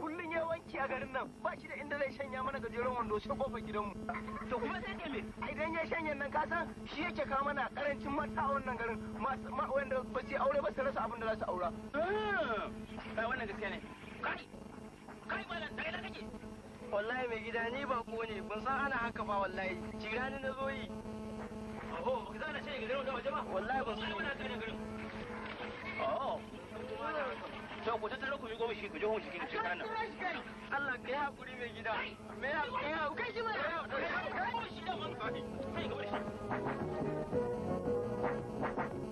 kullum ya wanki a garin nan ba shi da inda zai shanya mana gajeren wando sai kofar gidanmu to kuma sai dole idan ya shanya nan ka san shi yake kawo mana karancin mata a wannan garin wanda ba su aure ba su rasa abin da za su aura kai ah! wannan gaskiya ne kai kai malam daga da kake wallahi mai gida ni ba ko ne kun san ana haka fa wallahi jirani na zo yi oho ba na zana shanya garin wanda ba wallahi ban san wani haka garin oh. oho to ku tattara ku miƙo shi ku je hun nan Allah ka yi hakuri mai gida me ya ka yi hakuri shi mai hakuri shi da man kai ga shi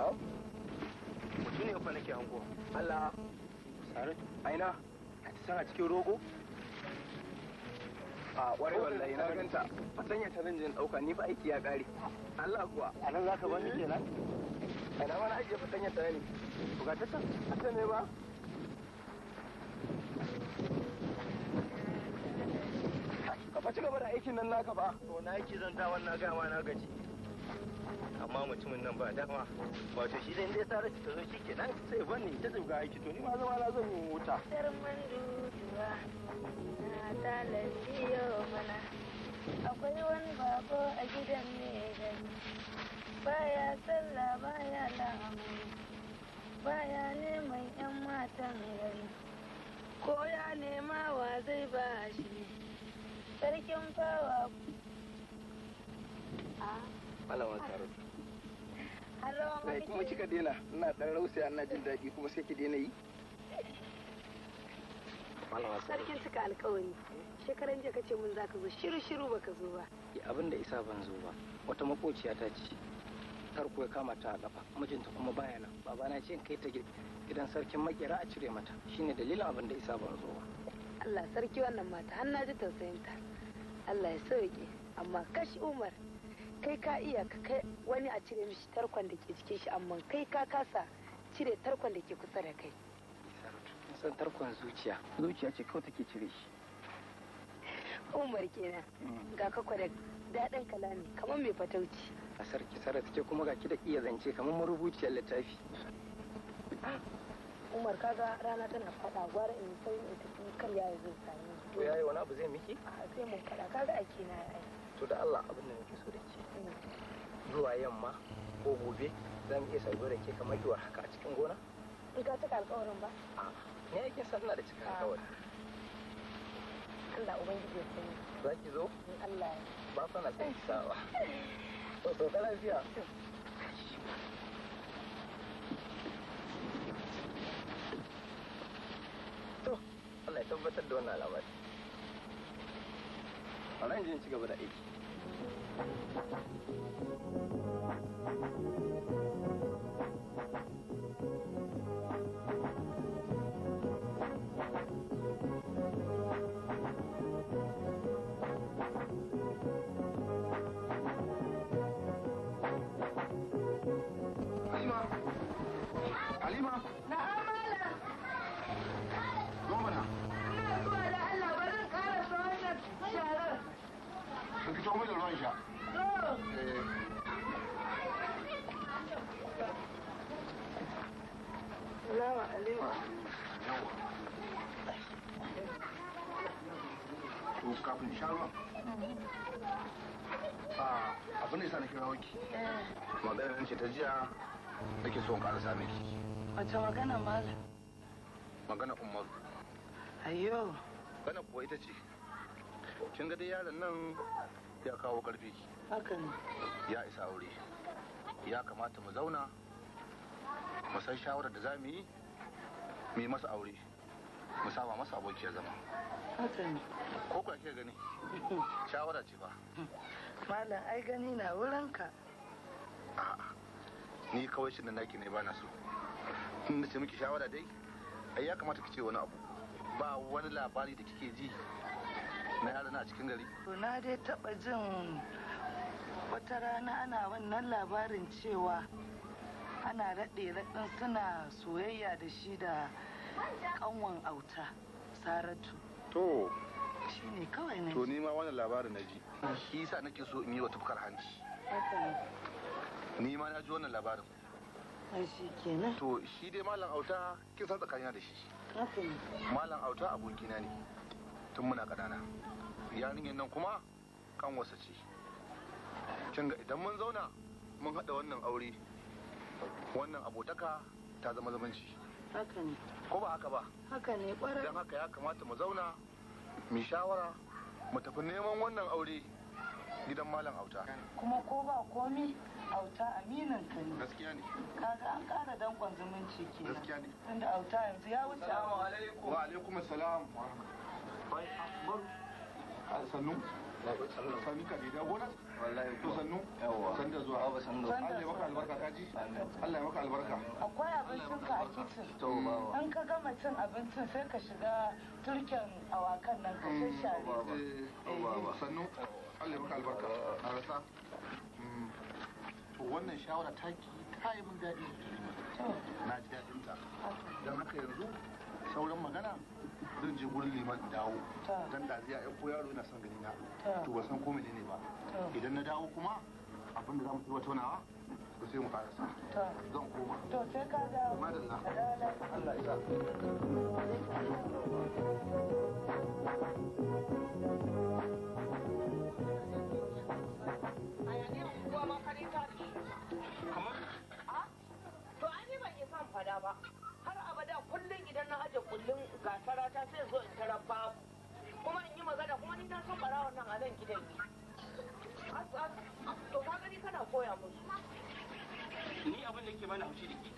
na mutum ne fa nake hango Allah saratu aina a san a cikin rogo a ware wallahi na ganta a sanya ta jin dauka ni fa aiki ya kare Allah kuwa a nan za ka zaka bani kenan aina eh, wani ajiye fa sanya ta ne bugatata a ta ne ba ka fa ci gaba da aikin nan naka ba to na aiki zan ta wannan gama na gaji amma mutumin nan ba dama wato shi dai dai sarar ta zo ke nan sai bani ta zuga aiki to ni ma zama na zan wuta sarman dujuwa na talaci yau mana akwai wani bako a gidan ne gari baya sallah baya lamu baya neman yan matan gari ko ya nema wa zai ba shi sarkin fawa a ah. malama karol sai kuma kika daina ina dan rausaya ina jin daɗi kuma sai ki daina yi sarkin cika alkawari shekaran jiya kace mun zaka zo shiru shiru baka zo ba abin da isa ban zo ba wata makociya ta ce tarko ya kama ta a kafa mijinta kuma baya nan babana ce kai ta gidan sarkin makera a cire mata shine dalilin abin da isa ban zo ba Allah sarki wannan mata har na ji tausayinta Allah ya sauke amma kashi Umar kai ka iya ka kai wani a cire mishi tarkon da ke jikin shi amma kai ka kasa cire tarkon da ke kusa da kai san tarkon zuciya zuciya ce kawai take cire shi umar kenan mm. ga ka da daɗin kalami kamar mai fatauci a sarki sarar take kuma ga ki da iya zance kamar marubuciyar littafi umar kaga rana tana fada gwara in sai in tafi kar yayi zai sani to yayi wani abu zai miki a sai mun fada kaga ake na yayi to da Allah abin da nake so da zuwa yamma ko gobe zan iya sabo da ke kamar kiwar haka a cikin gona? In ka cika alkawarin ba? A, ne yake sanna da cika alkawarin? Allah Ubangiji ya sani. Za ki zo? Allah ya. Ba fa na san sawa. To to kana lafiya. To, Allah ya tabbatar da wannan labari. A nan jin ci gaba da aiki. Thank you. kafin sha ruwan ah, abin da na kira waki maganar ce ta jiya nake so in karasa miki wace magana malam magana umar. ayo magana kuwa ita ce kin ga dai yaron nan ya kawo karfi haka ne ya isa aure ya kamata mu zauna mu san shawarar da za mu yi mu yi masa aure mu masu masa abokiyar zama ko kuwa ke gani shawara ce ba malam ai gani na wurinka ni kawai shi da naki ne ba na so na ce miki shawara dai ai ya kamata ki ce wani abu ba wani labari da kike ji na yaro a cikin gari to na dai taba jin wata rana ana wannan labarin cewa ana raɗe raɗin suna soyayya da shi da kanwan auta saratu to shine kawai ne to nima wannan labarin na ji shi yasa nake so in yi wata bukar hanci ni ma na ji wannan labarin shi kenan to shi dai malam auta kin san tsakanina da shi malam auta abokina ne tun muna ƙanana yarinyar nan kuma kan wasa ce kin ga idan mun zauna mun haɗa wannan aure wannan abotaka ta zama zamanci haka ne ko ba haka ba haka ne kwarai don haka ya kamata mu zauna mu shawara mu tafi neman wannan aure gidan malam auta kuma ko ba komi auta aminin ka ne gaskiya ne kaga an kara dankon zumunci ke gaskiya ne tunda auta yanzu ya wuce assalamu alaikum wa alaikum assalam sannu sannu san da zuwa ba san Allah ya maka albarka kaji Allah ya maka albarka akwai abincin ka a kitchen to an ka gama cin abincin sai ka shiga turken awakan nan ka shashare ba ba sannu Allah ya maka albarka a rasa wannan shawara ta ki ta yi min daɗi na ji daɗinta don haka yanzu sauran magana zan je gurin liman in dawo dan da zai ya yaro yana son gani na to ba san ko menene ba idan na dawo kuma abin da zamu tsiba tunawa to sai mu karasa zan koma to sai ka dawo madalla Allah ya karkara ta sai zo in tara babu kuma in yi magana kuma ni na san barawon nan a nan gidan to ka gani kana koya musu ni abin da ke mana haushi da ke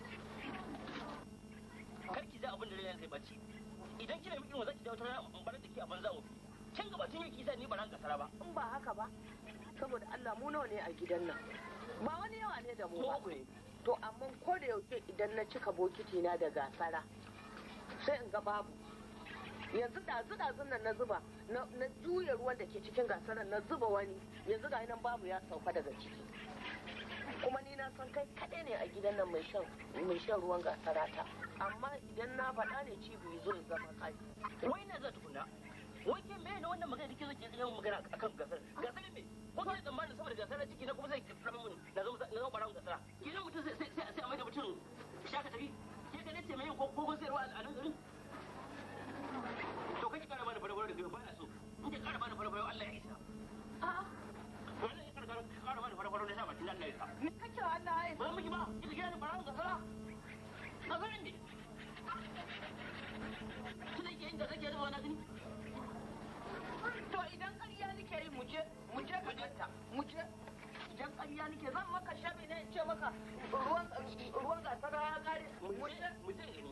kar ki za abin da rai kai bacci idan kina miki wa zaki da wata rana bar da ke a banza ofi can gabatin yake za ni baran gasara ba in ba haka ba saboda Allah mu nawa ne a gidan nan ba wani yawa ne da mu ba to amma ko da yaushe idan na cika bokiti na da gasara sai in ga babu yanzu da ɗazun nan na zuba na juya ruwan da ke cikin gasar na zuba wani yanzu ga nan babu ya sauka daga ciki kuma ni na san kai kaɗai ne a gidan nan mai shan mai shan ruwan gasara ta amma idan na faɗa ne ci bai zo ya zama kai wai na zata kuna wai ke mene wannan magana da ke zo ke yin magana akan gasar gasar me ko kai tsammanin saboda gasar ciki na kuma sai ki mun na zama na zama barawun gasara kina mutum sai sai sai a mai da mutum shaka tafi ke ga ne ce mai ko ko sai ruwa a nan to kai kara bani farfaro da ba na so in ka kara bani farfaro Allah ya isa a'a wannan ya da Allah ya isa me kake ke da to idan ƙarya nake yi muje muje ka ganta muje idan ƙarya nake zan maka shabi ne in ce maka ruwan ruwan gasara ya kare muje muje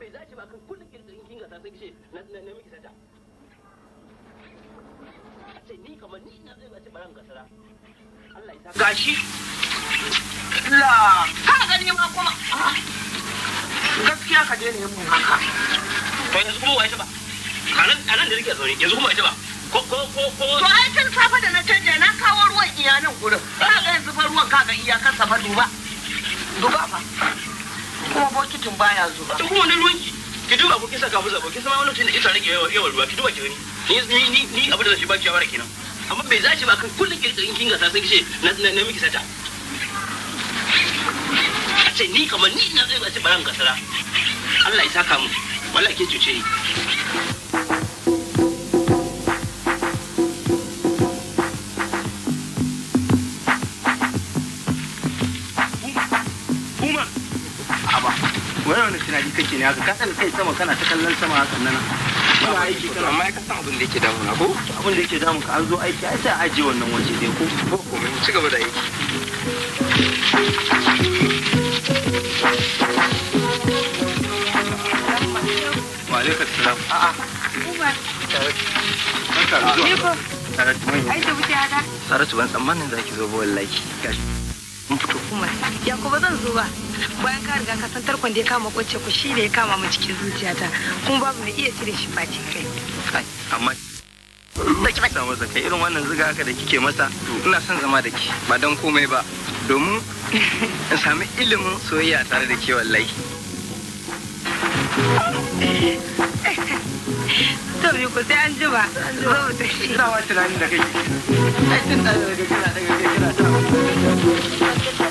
bai dace ba kan kullum kirkirin kinga ta kishe na na miki sata ce ni kamar ni na zai baran Allah ya gashi la ganin ma kuma ah. gaskiya ka daina yin mun haka to yanzu kuma wai ba A nan da rike zaune yanzu kuma ita ba ko ko ko to ai tun safa da na canja na kawo ruwan iyanan gurin ka ga yanzu fa ruwan ka ga iyakar kan fa duba duba fa kuma bokitin baya zuwa to kuma wani ruwanki ki duba abokin sa kafin zabo kin sama wani lokacin ita rage yawan ruwa ki duba ki gani ni ni ni abin da shi baki shawara kenan amma bai zaci ba kan kullum kirkirin kin gasa sai kice na na miki sata a ce ni kamar ni na zai ba ce baran gasara Allah ya saka mu wallahi cuce ni kake ne haka kasan kai sama kana ta kallon sama haka nan aiki amma ya kasan abin da yake damu na ko abin da yake damu ka an zo aiki ai sai aje wannan waje dai ko a a zaki zo ba Umar, Yakubu zan zo ba. Bayan ka riga ka san tarkon da ya kama kwace ku shi ne ya kama mu cikin zuciyata kuma babu mai iya cire shi face kai. Amma da ki masa masa kai irin wannan zuga haka da kike masa ina son zama da ki ba don komai ba domin in sami ilimin soyayya tare da ke wallahi. to yi ku sai an ji ba ina wa tunani da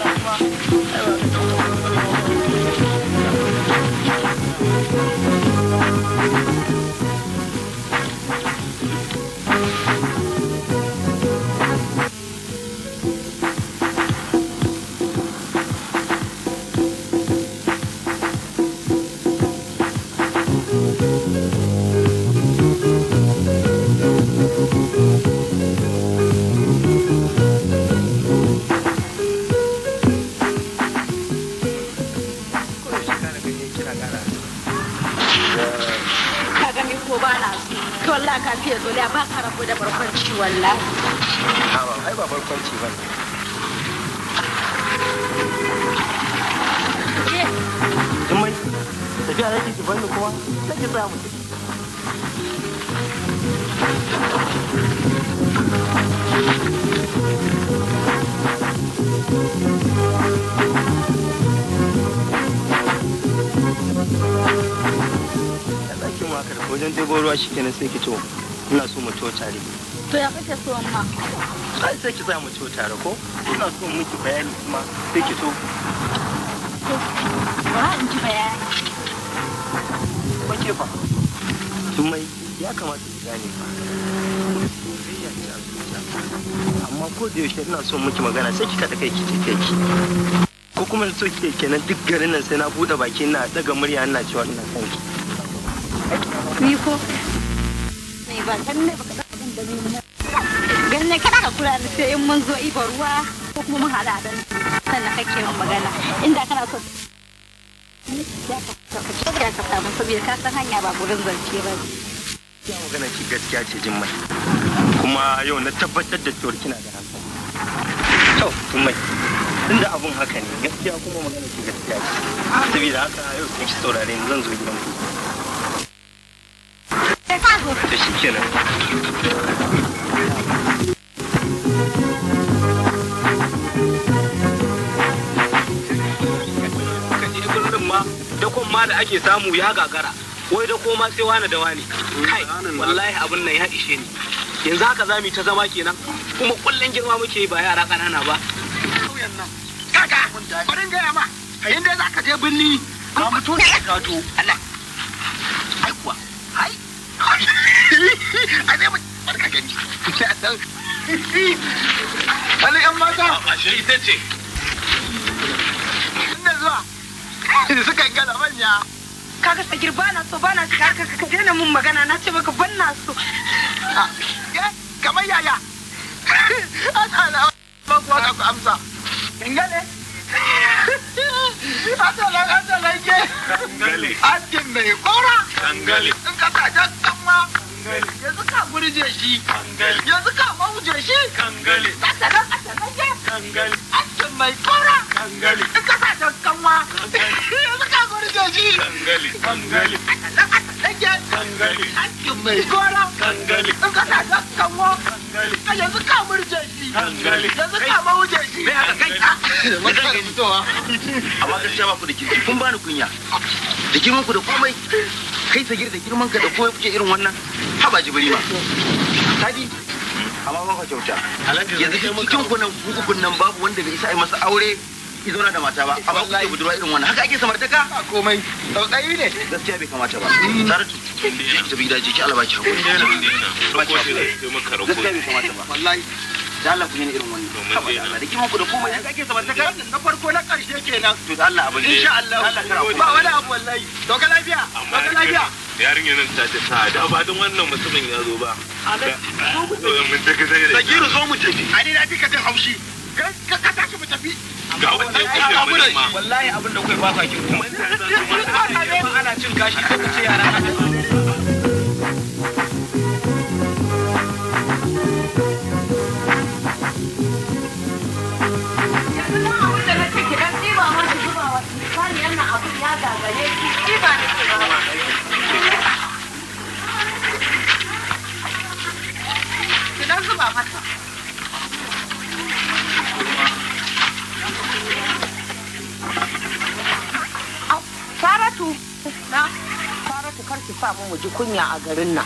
ko ba na so to wallah ka fiye zo da ba ka rabu da barkwanci wallah ha ba ai ba barkwanci ba ke mai tafiya da ki bani kuma sai ki tsaya Thank you. wajen ɗebo ruwa kenan sai ki to ina so mu to tare to ya kake so amma ai sai ki za mu to tare ko ina so miki bayani kuma sai ki to ba in ji bayani ko ke fa mai ya kamata ki gane fa amma ko da yaushe ina so miki magana sai kika ta kai ki ce ki ko kuma so ke kenan duk garin nan sai na buɗe baki na daga murya ina cewa ina kanki ni ko mai ka daga kula da sai in mun ko kuma mun so ba magana ki gaskiya ce jin mai kuma yau na tabbatar da cewa kina da hankali to tun mai tunda abun haka ne gaskiya kuma magana ki gaskiya ce saboda haka yau sai saurare ni zan zo gidan ku 这行骗人。dakon ma da ake samu ya gagara wai da koma sai wani da wani kai wallahi abin nan ya ishe ni yanzu haka za mu ta zama kenan kuma kullun girma muke ba yara kanana ba kaka bari inda je birni ka mutu Allah a ne barka yan mata ashe ita ce zuwa suka manya kaga ba na so ba na shiga ka daina mun magana na ce maka ban na so ah, kamar yaya ana na kuwa ka ku amsa ingale mai koro kangali in ka kaja kama kangali yanzu ka gurje shi kangali yanzu ka mauje shi kangali asalan asalan je kangali aikin mai kora kangali in ka kaja kama yanzu ka gurje shi kangali kangali asalan asalan je kangali aikin mai kora kangali in ka kaja kama yanzu ka murje shi hankali yanzu ka ba wuce shi me haka kai ma ba ku da kirki kun bani kunya da girman ku da komai kai ta da girman ka da komai kuke irin wannan haba jibrima tadi amma ba ka kyauta yanzu cikin ku nan ku nan babu wanda bai isa ai masa aure ki da mata ba a ba kuke budurwa irin wannan haka ake samartaka a komai tsautsayi ne gaskiya bai kamata ba mm. saratu ki tafi gida je ki alaba ki hakuri gaskiya bai kamata ba wallahi da Allah ku yi irin wani wannan saboda Allah da kiman ku da komai da kake zaman takar na farko na karshe kenan to da Allah abin insha Allah ba wani abu wallahi to ka lafiya to ka lafiya yarinyar nan ta ta sa da ba don wannan mutumin ya zo ba Sagiru zo mu tafi a ni na fi ka jin haushi ka tashi mu tafi ga wannan kuɗin ma wallahi abin da kai ba ka kyauta ana cin gashi sai ka ce yara ji kunya a garin nan.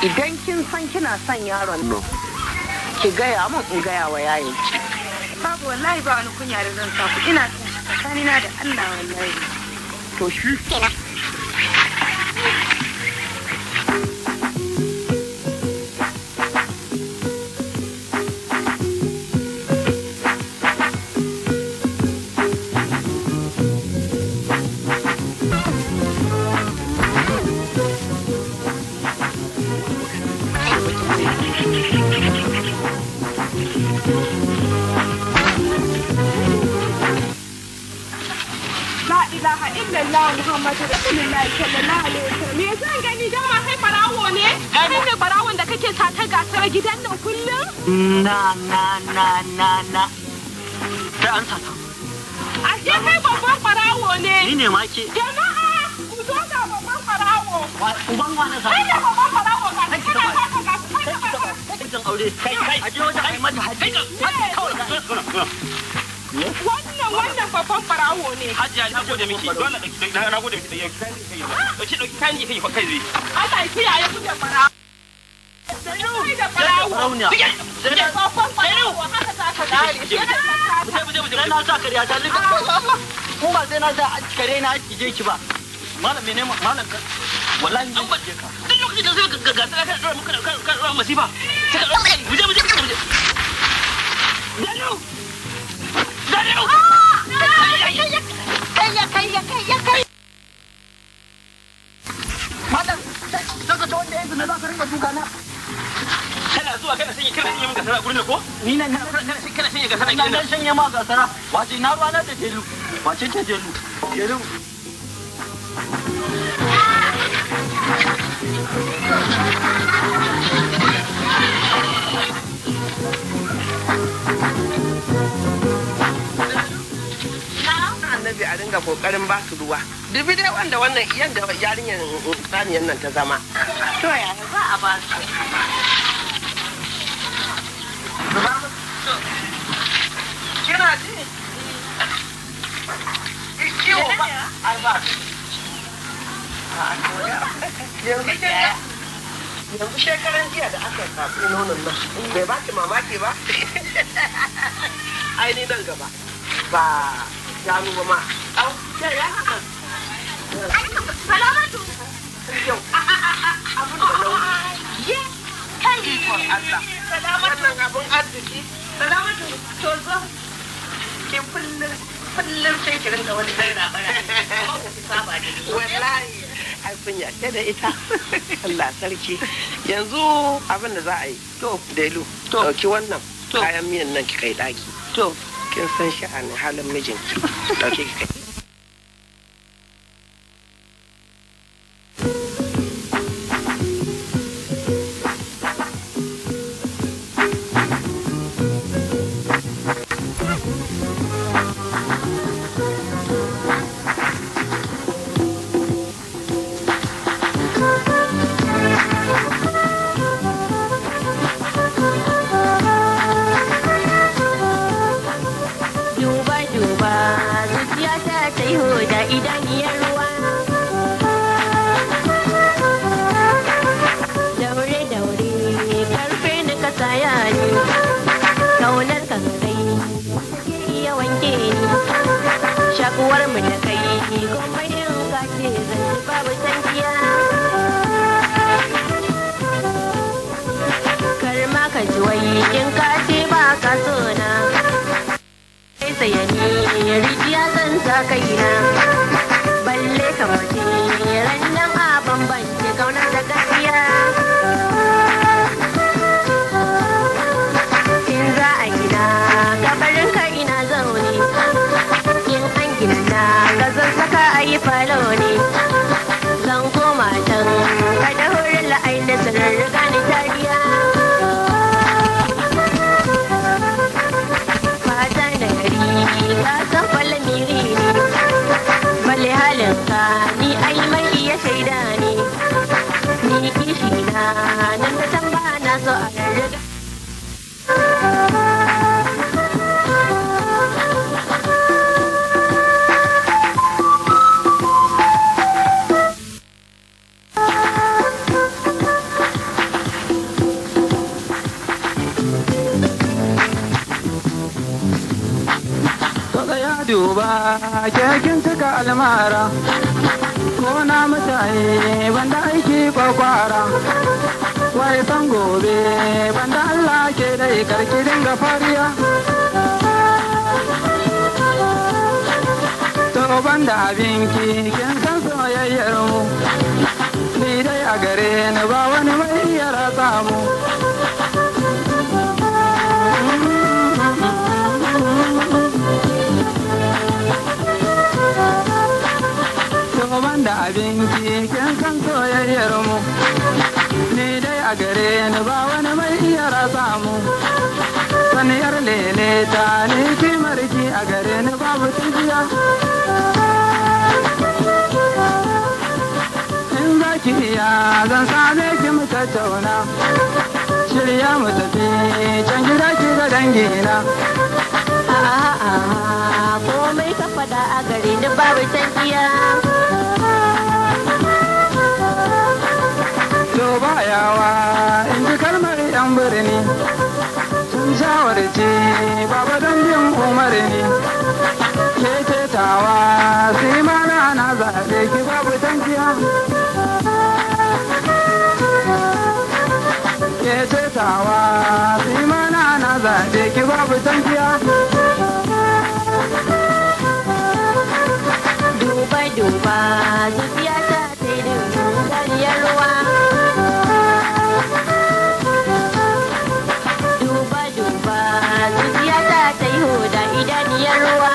Idan kin san kina son yaron nan, ki gaya mun in gaya wa yayin ki. Babu wallahi ba wani kunya da zan sa ku ina son tsakanina da Allah wallahi to shi kenan ilaha illallah muhammadu rasulullahi sallallahu alaihi wasallam me zan gani dama kai barawo ne kai ne barawon da kake sata gasar gidan nan kullum na na na na na sai an sata ashe kai babban barawo ne ni ne ma ke jama'a ku zo ga babban barawo uban wani sa kai ne babban barawo ka kai ka ba kai kai aje wajen ai kai wannan babban farawo ne hajiya na gode miki dole na gode miki da yau dauki dauki kayan ki kai kai zai Allah ya kiyaye ku da farawo da farawo da babban farawo haka za ka dare sai na sa kariya ta liba ba sai na sa kare na kije ki ba malam ne malam wallahi ne je ka duk lokacin da zai ka dora muka sai ka dora Daniel! Daniel! ni nan na kana sanya gasara kenan nan Thank you. annabi a ringa kokarin ba su ruwa dubi dai wanda wannan yadda yarinyar mm, saniyar nan ta zama to ya za a ba su kina ji ikiwo ba a arba yanzu shekaran jiya da aka tatsi nonon nan bai ba ki mamaki ba aini nan gaba ba shanu ma au ya haka salamatu yau da Allah abun arziki salamatu to zo sai ki rinka wani wallahi ai kunya da ita Allah sarki yanzu abin da za a yi to delu to ki wannan kayan miyan nan ki kai daki to 健身是俺们哈尔滨的名片。aiki kin san soyayyar mu ni dai a gare ni ba wani mai iya rasa mu saniyar lele ta ni kimar ki a gare ni babu tijiya in za ki iya zan same ki mu tattauna shirya mu tafi can gida ki ga dangina a'a komai ka fada a gare ni babu tankiya to bayawa in ji kalmar yan birni sun shawarci baba don bin umarni ke ketawa su yi mana na zaɓe ki babu tankiya ke ketawa su yi mana na zaɓe ki babu tankiya duba-duba zuciya ta irin dukiyar ruwa duba duba zuciya ta ta yi huda idaniyar ruwa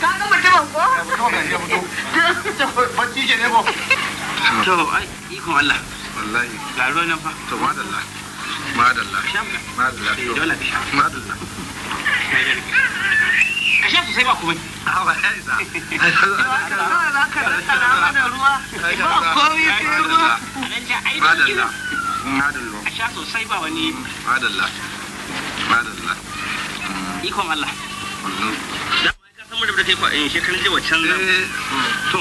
ka ga mutumin ko mutumin ya fito bacci ke ne ko to ai ikon Allah wallahi ga ruwan nan fa to madalla madalla madalla to dole ka sha madalla ka sha sosai ba kuma a ba ya isa za ka rantsa mana ruwa ba komai sai ruwa madalla madalla a sha sosai ba wani madalla madalla ikon Allah mun rabu da kai shekarun jiya can zan to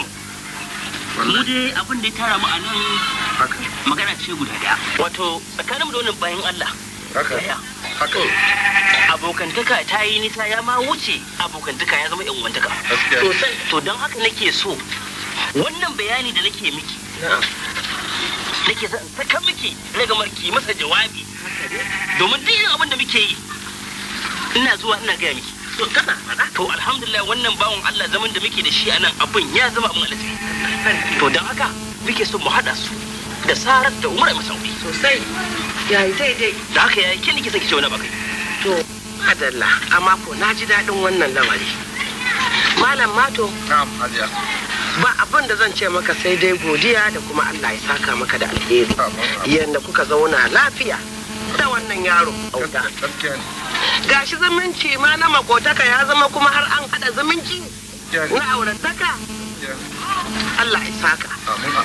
mu dai abin da ya tara mu a nan magana ce guda daya wato tsakanin mu da wannan bayan Allah haka abokantaka ta yi nisa ya ma wuce abokantaka ya zama yanwantaka to don haka nake so wannan bayani da nake miki nake saka miki ragamar marki masa jawabi domin duk abin da muke yi ina zuwa ina gaya miki to tana to alhamdulillah wannan bawan Allah zaman da muke da shi anan abin ya zama abin alheri to dan haka muke so mu haɗa su da sarar da umar mai sauki sosai yayi dai-dai. da haka yayi kin kike son ki wani bakai to madalla amma ko na ji daɗin wannan lamari malam mato na'am hajiya ba abin da zan ce maka sai dai godiya da kuma Allah ya saka maka da alheri yanda kuka zauna lafiya da wannan yaro auda gashi zumunci ma na makotaka ya zama kuma har an hada zumunci na aurantaka Allah ya saka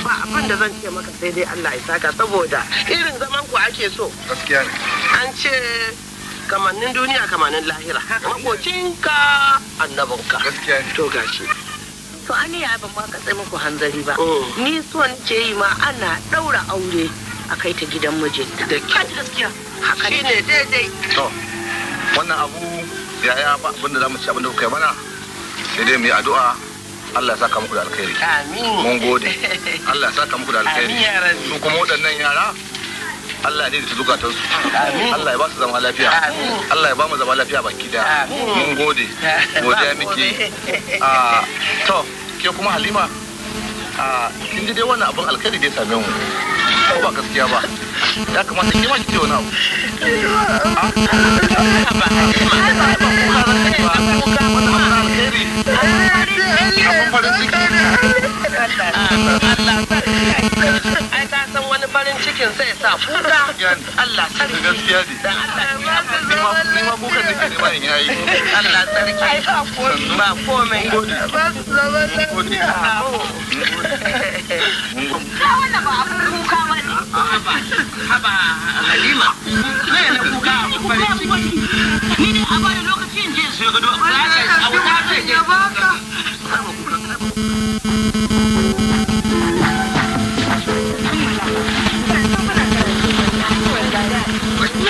ba abin da zan ce maka sai dai Allah ya saka saboda irin zaman ku ake so an ce kamannin duniya kamannin lahira makocinka annabinka to gashi to an yi abin ma ka tsaye muku hanzari ba mm. ni son ce yi ma ana daura aure a kai ta gidan mijinta da kyau gaskiya haka ne daidai wannan abu yaya ba abin da mu ci abin da kuka yi mana sai dai mu yi addu'a Allah ya saka muku da alkhairi amin mun gode Allah ya saka muku da alkhairi su kuma waɗannan yara Allah ya da ta zukatan su. Allah ya ba su zama lafiya. Allah ya ba mu zama lafiya baki da. Mun gode. Godiya miki. Ah, to, ke kuma Halima, ah, kin ji dai wannan abin alkhairi dai same mu. Ko ba gaskiya ba. ya kamata ke ma ki wani abu ai ka san wani farin cikin zai sa kuka Allah sarki gaskiya ne dan Allah ni ma kuka ne ke ma in yayi Allah sarki ai kuka 好吧，好吧，还礼貌。那也不够干不够。你这好吧，你那个天津个多，我我来，我我我我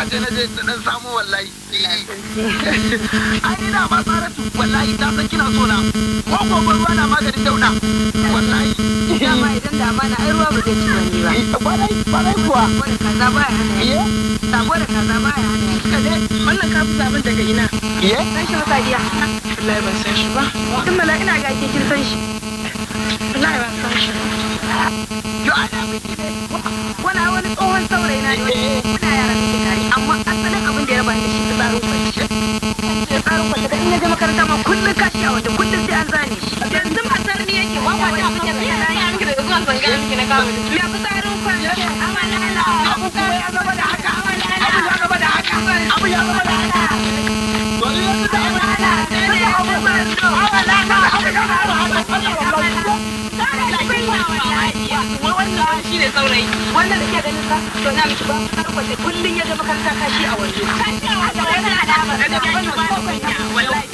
mota sai na je na samu wallahi ai ina ma saratu wallahi ta san kina so na ko gogon ruwa na maganin dauna wallahi dama idan da mana ai ruwa ba zai ci ni ba balai eh, balai kuwa wani kaza ba ya hana ye eh? sabo da kaza ba ya hana ka ne wannan ka fi sabon daga ina ye eh? san shi masa iya wallahi ban san shi ba kin mala ina ga ke kin san shi wallahi ban san shi yo ana miki ne wani tsohon saurayi na ne wai ka ci a waje kullum sai an zane shi yanzu matar ni yake ba wani abin da ya zai an gida zuwa zanga an na kawo me ku tsarin kwanci amalala abu kuma ya gaba da haka amalala abu ya da abu ya gaba da haka wani abu ya gaba da haka wannan shi ne saurayi wannan da ke ganin sa to na miki ba har kwace kullun ya je makaranta kashi a waje kan da wannan alamar da ban wannan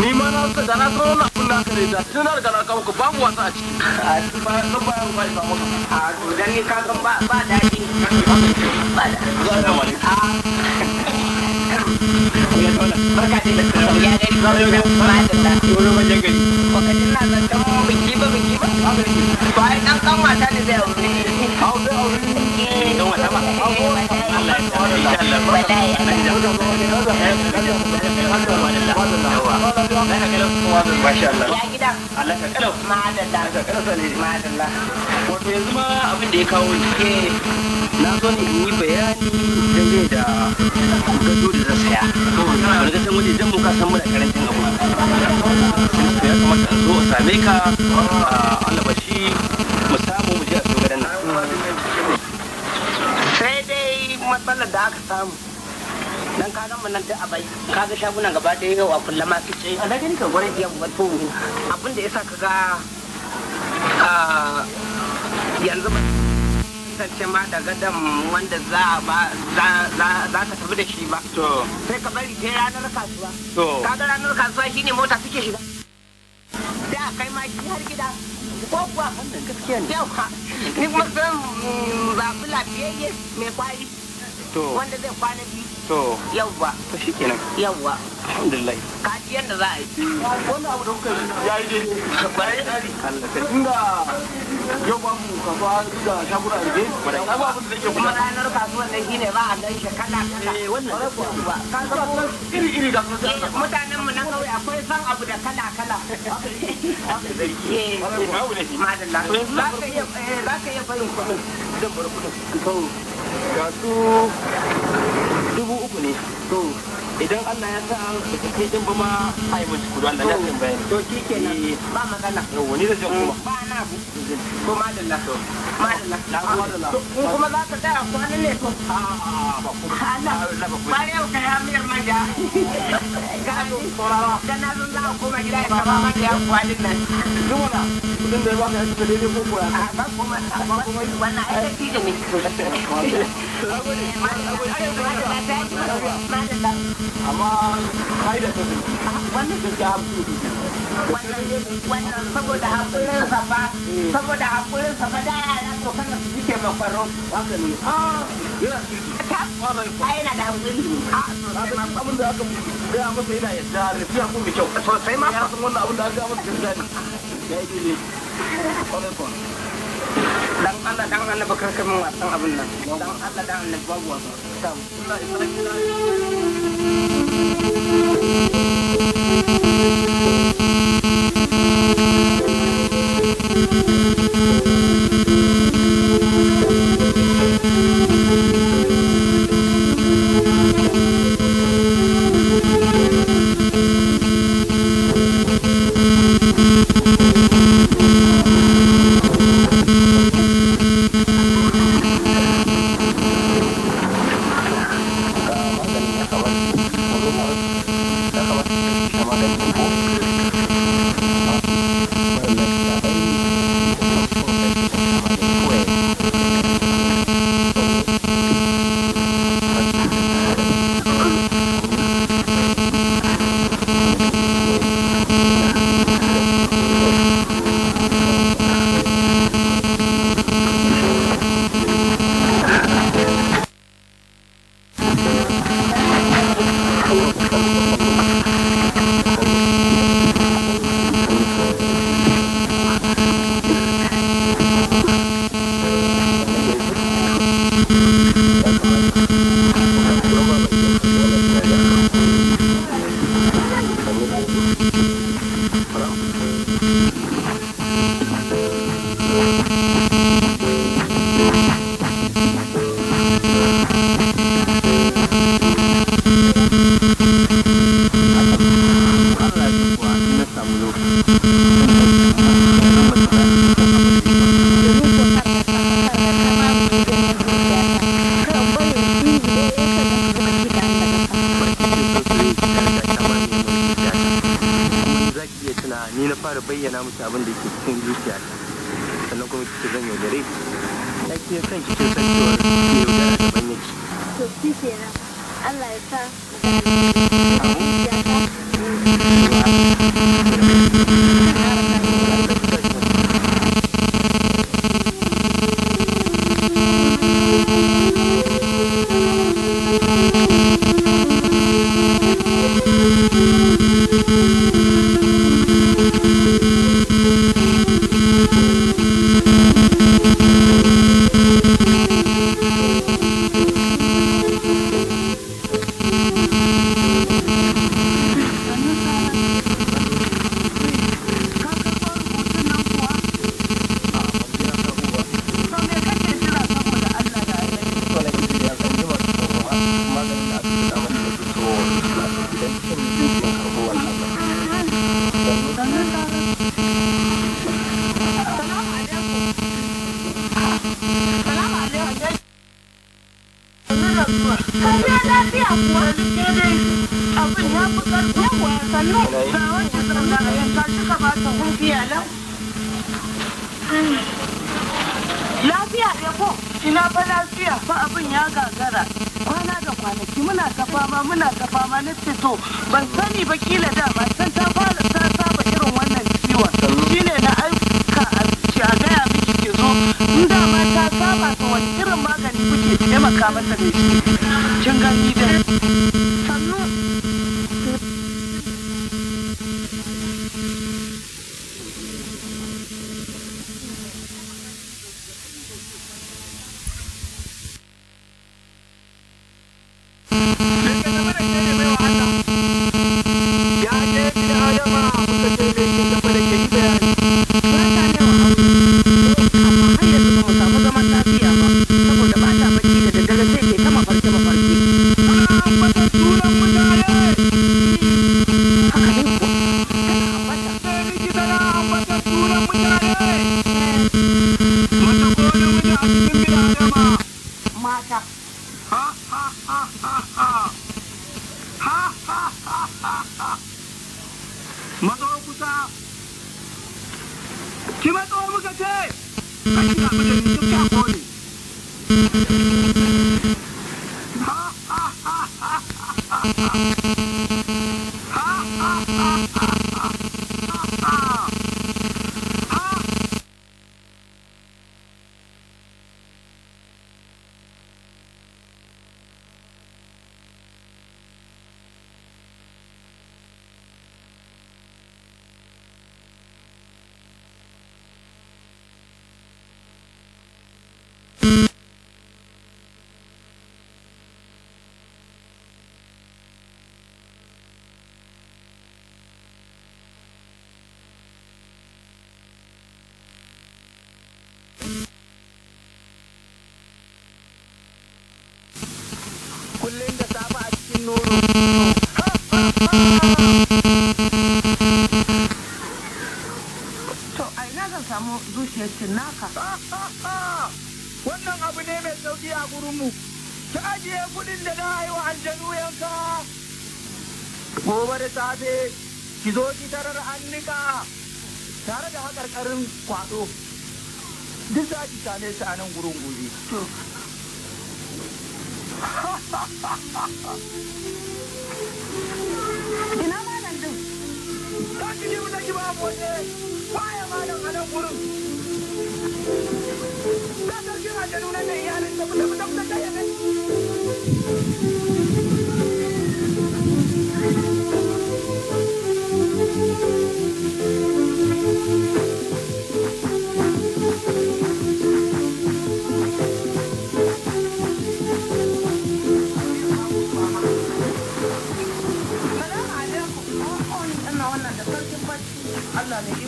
ni mana na da na zo na kun na kare da tun na riga na kawo ku ba mu wasa a ciki a ci ba na ba mu ba mu a to dan ni ka ga ba ba da shi ba da ga da wani a ya dole barka da lafiya ya dai ba mu da ba da da dole ba da gari ko ka tun na zan biki ba biki ba ba ai dan kan don wata ba Allah ya tsare da Allah ba Masha Allah. Ya gida. Allah ka da Madalla. Ka kalau ne. Madalla. Wato yanzu ma da ya na so ne in yi bayani dangane da gado da na saya. Wani ga san da mu na san mu da karancin abu. Ya da in zo in same ka Allah ba shi da samu mu je matsalar da aka samu dan ka gama nan da abai ka ga shagunan gaba ɗaya yau a kulla ma su ce a da gani ka gwara biyan wato abin da ya sa ka ga yanzu ba kasance ma da gadan wanda za ba za ka tafi da shi ba to sai ka bari sai ranar kasuwa to ka ga ranar kasuwa shine mota suke shiga da kai ma shi har gida ko kuwa wannan gaskiya ne yau ka ni kuma zan mm, zaɓi lafiyayye mai kwari to wanda zai kwana biyu to yawwa to shikenan yawwa alhamdulillah ka ji yanda za a yi wannan abu da kuka yi ya yi daidai bare da inda yau ba mu kafa da shagura da ke ai ba abin da yake kuma ranar kasuwar nan shine za a gan shi kala kala eh, wannan ba ka san iri iri da su eh, mutanen mu nan kauye akwai san abu da kala kala eh madalla eh, za ka iya za ka iya bayin kuɗin zan bar kuɗin ga su dubu uku ne to idan Allah ya sa ba su kai din ba ma a yi mace kudu Allah ya san bayani to shi kenan eh, ba magana yawa ni da zan kuma ba na bu to madalla to madalla na madalla in kuma za ka tsaya kwanan ne to a ba ku Allah ba yau ka ya miyar manja gano saurawa dan na zo za ku kuma gida ya ba ma da ya kwanin nan dole kudin da ya a yanzu ka daidai ko kuwa ba kuma ba kuma wannan ai sai da da kudi a abin da aka gaya masa yadda da fiya kuma kyau sosai ma abin da aka gaya masa gaskiya ne yayi dole kwarai kwa dan Allah dan Allah ba karkar min wasan abin nan dan Allah dan Allah babu wasan sam Allah ya sarki na kuwa kariya lafiya kuwa abin ya fi ta ba ta lafiya ne ko ina fa lafiya fa abin ya gagara kwana da kwanaki muna ta fama muna ta fama na ce to ban sani ba kila da ba san ta fara ta saba irin wannan ciwon shine na aika a gaya miki ke zo in da ma ta saba ta wani irin magani kuke taimaka masa da shi 언젠기이대 To a ina zan samu zuciyar naka. Wannan abu ne mai sauki a gurinmu. Ki ajiye kudin da yi wa aljanu yanka. Gobe da safe ki zo ki tarar an tare da haƙarƙarin kwaso. Duk za ki same su a nan gurin gobe. Ina malam din? Za ki ji wuta ki ba mu waje. Baya malam a nan gurin. Za a janu nan iyalin da fita fita fita kai ne. Thank you.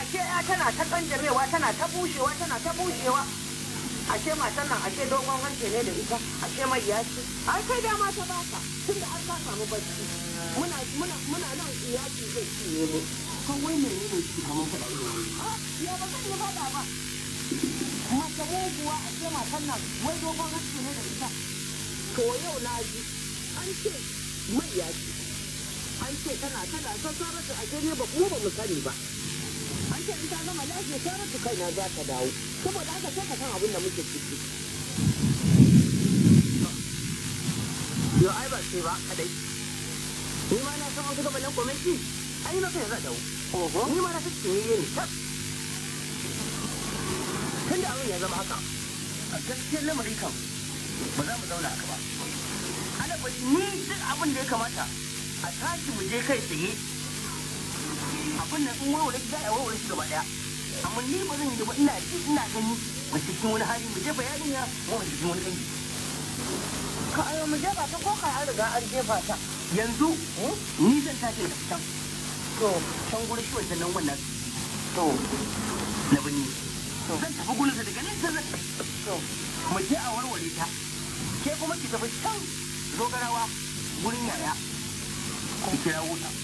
ashe ya tana ta kanjamewa tana ta bushewa tana ta bushewa ashe matan nan ashe dogon wanke ne da ita ashe mai ya ce ai kai dama ta baka tun da an ka samu bacci muna muna muna nan iyaki zai ci ne mu kan wai mai ne ki kamar faɗa ido ya ba kan ya faɗa ba mata muguwa kuwa ashe matan nan wai dogon wanke ne da ita to yau na ji an ce mai ya ce an ce tana tana sassarar da ashe ne ba mu ba mu sani ba an ce in ta zama lafiya ta rasu kaina za ta dawo saboda haka sai ka san abin da muke ciki yo ai ba sai ba kadai ni ma na san wasu gabanin kwamiti ai na kai za dawo ni ma na san cinye ne tas tun da abin ya zama haka a gaskiyar lamari kam. ba za mu zauna haka ba Ana alaɓa ni duk abin da ya kamata a tashi mu je kai tsaye abin nan in warware shi a warware shi gaba daya amma ni ba zan yi da ba ina ji ina gani mu cikin wani hali mu jefa yarinya mu mu cikin wani kanki ka ayo eh, mu jefa ta ko ka an riga an jefa ta yanzu hmm? ni zan tashi da ta to can gurin shi wannan wannan to na bani zan tafi gurin daga nan zan to mu je a warware ta ke kuma ki tafi can zogarawa gurin yaya ku kira wuta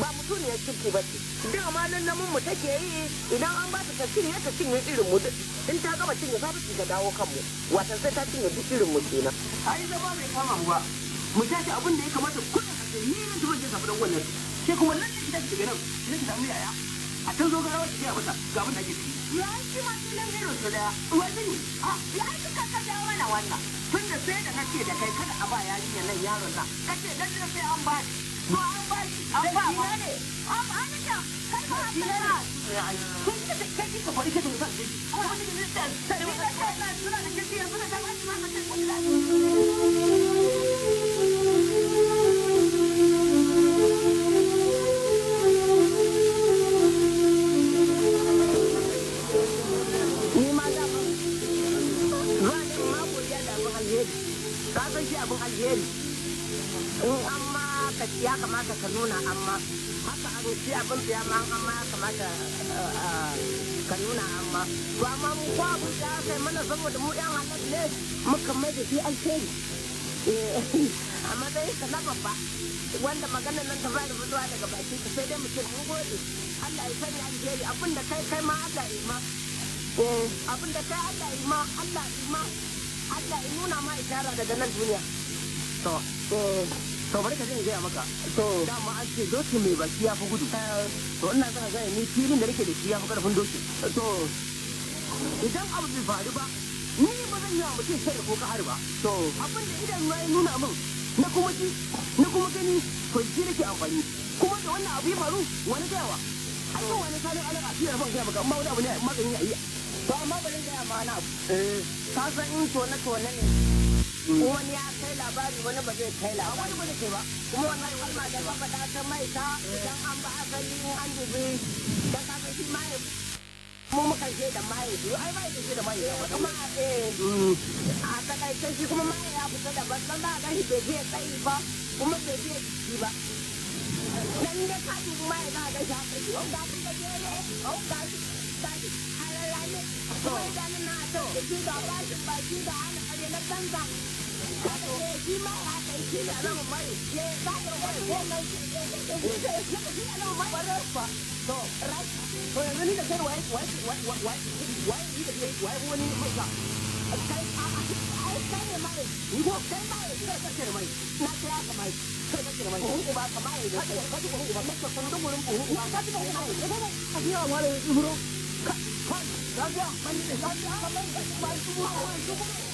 ba mutum ne kirki ba ce dama nan namun mu take yi idan an ba ta ta cinye ta cinye irin mu in ta gaba cinye ta bisu ta dawo kanmu wata sai ta cinye duk irin mu kenan ai zama bai kama mu ba mu tashi abin da ya kamata kullum a ni nan ta ke samu don wannan sai kuma nan ta tashi daga nan sai ta samu yaya a can zo garawa ta gaya mata ga abin da ake ciki ya ci ma su nan irin su daya wani ne a ya ci ka ka dawo mana wannan tun da sai da kake da kai kada a ba yarinya nan yaron na. kace dan da sai an ba shi Ka san shi abin a l e n haka ya kamata ka nuna amma haka an ci abin da ma amma ya kamata eh, eh, ka nuna amma to amma mu ko abin da ya kai mana saboda mu yan halal ne muka mai da shi alheri eh, amma matsayin ka na babba wanda magana nan ta fara fitowa daga baki ka sai dai mu ce mu gode Allah ya sanya alheri abin da kai kai ma Allah ya ma abin da kai Allah ya ma Allah ya ma Allah ya nuna ma ishara daga nan duniya to to bari ka gaya maka to dama an ce dokin mai baki ya fi gudu eh. to ina zan gaya ni filin da nake da shi ya fi karfin doki to idan abu bai faru ba ni ba zan yi wa mutum sai ko kahar ba to abin da idan ya nuna min na kuma ji na kuma gani to shi nake amfani kuma da wannan abu ya faru wani gayawa ai yau wani kalin alaƙa shi da ban gaya maka amma wani abu ne magani a yi to amma bari gaya ma na abu eh. ka san in tone tone ne ko mm. wani ya kai labari wani ba zai kai labari wani ba zai kai ba kuma wannan kalma da ba faɗa ta mai ta idan an ba asali in an dubi da kafin shi ma ya mu muka je da maye biyu ai maye da maye kuma eh, mm, a takaice shi kuma ya fita da ban san ba a gashi bai je tsayi ba kuma bai je jiki ba dan da ka dubi maye za a gashi haka shi wanda ka ga jere ba gashi gashi halalla kuma na to shi ga bashi ana ke na canza haka ne shi ma ya kai shi ne nan mai ne ba da wani wannan shi ne nan mai bare fa to right to yanzu ni da kai wai wai wai wai wai ni da kai wai wani masa kai a ai kai ne mai ni ko kai mai sai ka kai mai na kira ka mai sai ka kai mai ko ba ka mai da kai ka ko ba ka san da gurin ko ka ka ko ba ka ji wa mare ibro ka ka ga ga mai da ga ga mai ka ba su ko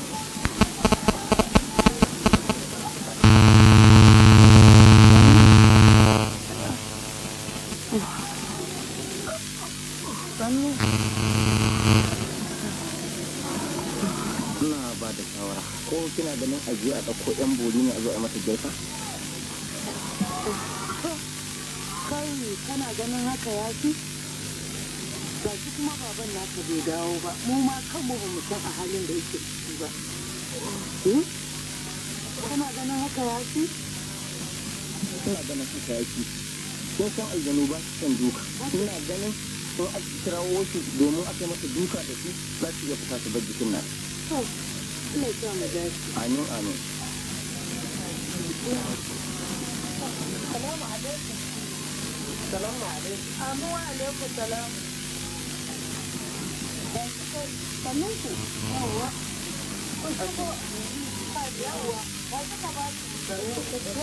kina ganin je a ɗauko yan bori ne a zo a mata girka kai ne kana ganin haka ya fi ga shi kuma baban naka bai dawo ba mu ma kanmu mu bamu san a halin da yake ciki ba hmm? kana ganin haka ya fi kana ganin haka ya fi sun san aljanu ba su san duka Kuna ganin sun kirawo shi domin aka masa duka da su za su iya fita su bar jikin nan 安尼安尼。得了嘛的，得了嘛的。啊，没完了不得了。但是不难过，干活。我这个明天下午，我这个明天下午，我这个明天下午，我这个明天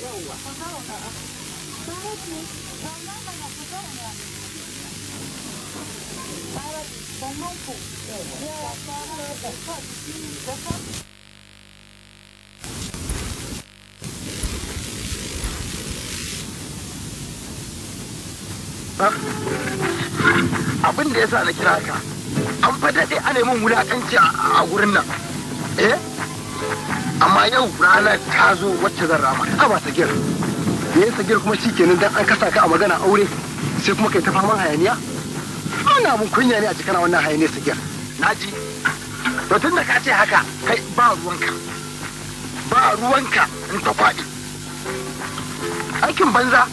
下午，上灶呢啊。哪里去？上灶呢？上灶呢？Ah. abin da ya sa na kira ka an fa daɗe a neman wulaƙanci a wurin nan eh amma yau ranar ta zo wacce zan rama a ba sagir me sagir kuma shi kenan dan an kasa ka a magana aure sai kuma kai ta faman hayaniya wani mun kunya ne a cikin wannan haine sigir naji to tun da ka ce haka kai ba ruwanka ba ruwanka in ta kwaɗi aikin banza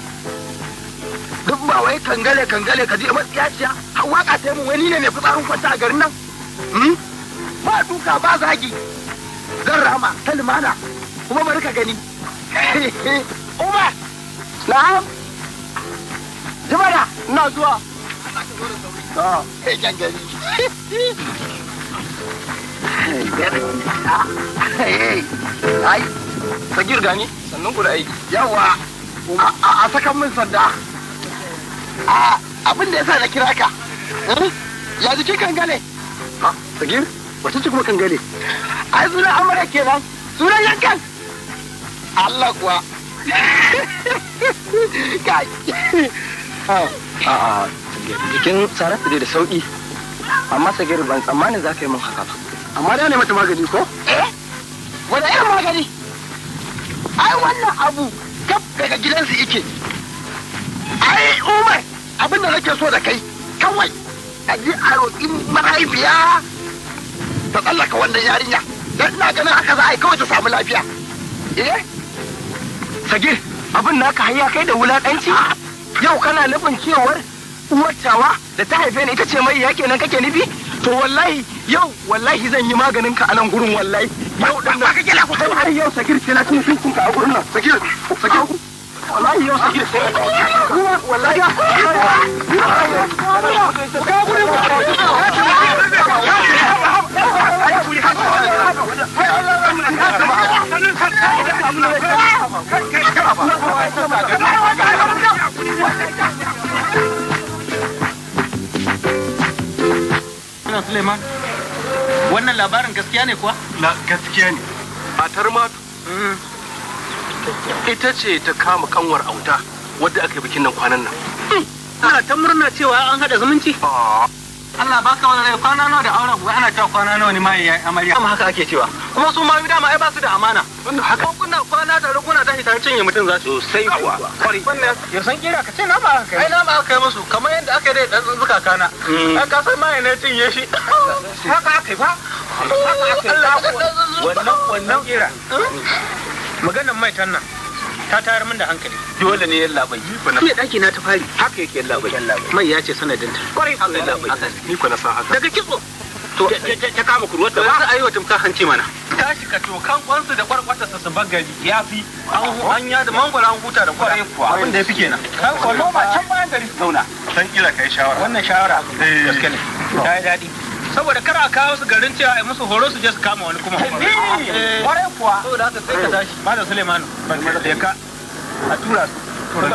duk ba wai kangale kangale ka a matsiyaciya har waka sai mun wani ne mai fitsarin kwanta a garin nan hmm? ba duka ba zagi zan rama ta limana kuma bari ka gani umar na'am jimara ina zuwa To, kai can gari. Ai, sagir gani, sannan ku da aiki. Yawa, a sakan min sanda. A abin da ya sa na kira ka. Ya jikin kangale. Ha, sagir, wace ce kuma kangale? Ai, sunan ke nan. sunan yankan. Allah kuwa. Kai. jikin saratu da sauki amma sagiru ban tsammani za ka yi mun haka ba amma da ne mata magani ko eh wanda irin magani ai wannan abu kaf daga gidansu yake ai umar abinda nake so da kai kawai a ji a roƙi mahaifiya ta tsallaka wannan yarinya don ina ganin haka za a yi kawai ta samu lafiya eh sagir abin naka har kai da wulaƙanci yau kana nufin cewar cawa da ta haife ni ita ce mai yake nan kake nufi to wallahi yau wallahi zan yi maganin ka a nan gurin wallahi yau dan nan ka ku har yau sakir ce na a gurin nan sakir sakir wallahi yau sakir ce wallahi Thank you. suleiman wannan labarin gaskiya ne kuwa na gaskiya ne matar matu mm. ita ce ta kama kanwar auta wadda aka yi bikin nan kwanan nan mm. ana ta murna cewa an haɗa zumunci ah. Allah ba ka wani rai kwana nawa da auren ana ta kwana nawa ne ma ya amarya kuma haka ake cewa kuma su ma dama ai ba su da amana wannan haka kuna kwana da kuna tashi ta cinye mutum za su sai kuwa kwari wannan ya san kira ka ce nama aka kai ai nama aka kai musu kamar yadda aka yi da dan zuka kana mm. an ka san mai ne cinye shi haka aka yi ba wannan wannan kira mm. maganar mai tan ta tayar min da hankali dole ne yan labai ni daki na ta fari haka yake yan labai mai ya ce sanadin ta kwarai haka labai ni ko na sa haka daga kitso to ta kama kurwata ba a yi wa tumka hanci mana tashi ka tokan kwansu da kwarkwata su bar gari ya fi an ya da mangwara an huta da kwarai kuwa abin da ya fi kenan kan kwallo ba can bayan gari su zauna san kila ka yi shawara wannan shawara eh. gaske ne ta yi daɗi saboda kar a kawo su garin cewa a musu horo su je su kama wani kuma eh, kwarai kuwa saboda haka sai ka tashi ba malam suleimanu da ka a tura su ko su an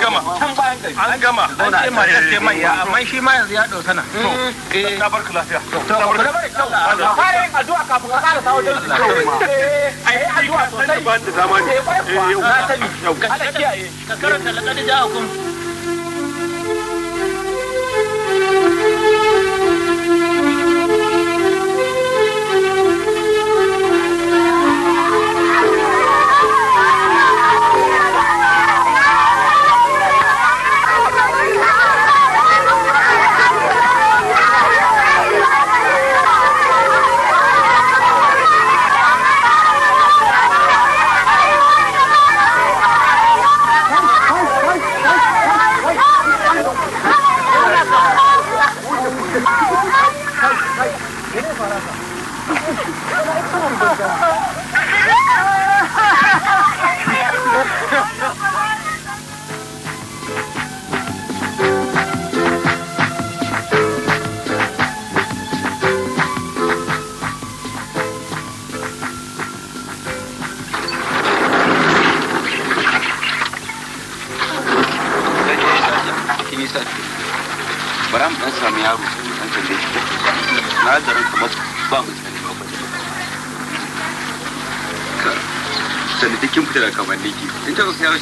gama an gama an ce ya amma shi ma yanzu ya dau sana to eh na barka lafiya to na barka lafiya fara yin addu'a kafin ka fara sawo eh, addu'a sosai ba da zamani eh, eh yau na sani ka kiyaye ka karanta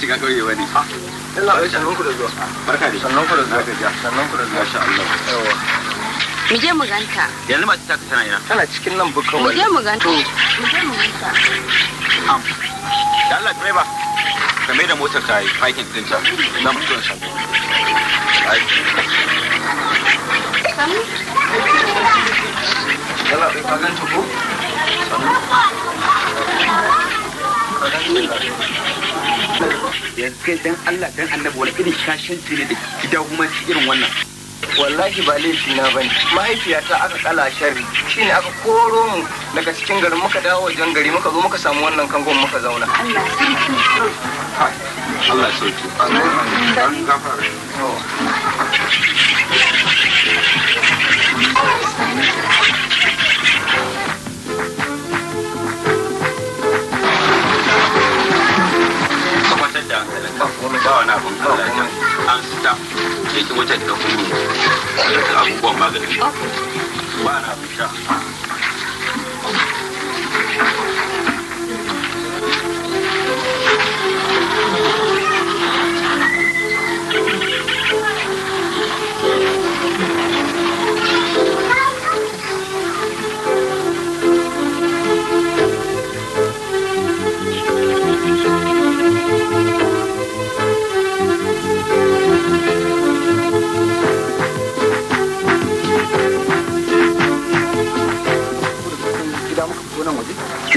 shiga kauye sannan ku zuwa barka da sannan ku da zuwa sannan zuwa Allah yawa mu je mu ganta yanzu mace ta tana ina tana cikin nan bukan wani mu je mu ganta mu je mu ganta am da Allah driver ka mai da motar ta yi parking din ta na sa ai ka ganta ko ka ganta yanzu kai dan Allah dan annabi wani irin shashanci ne da ki dawo kuma irin wannan wallahi ba laifi na bane mahaifiyata aka kala sharri shine aka koro mu daga cikin garin muka dawo wajen gari muka zo muka samu wannan kangon muka zauna Allah sarki Allah sarki an gafara ba wani abin kawai an stop cikin wutar da kuma abubuwan magani ba na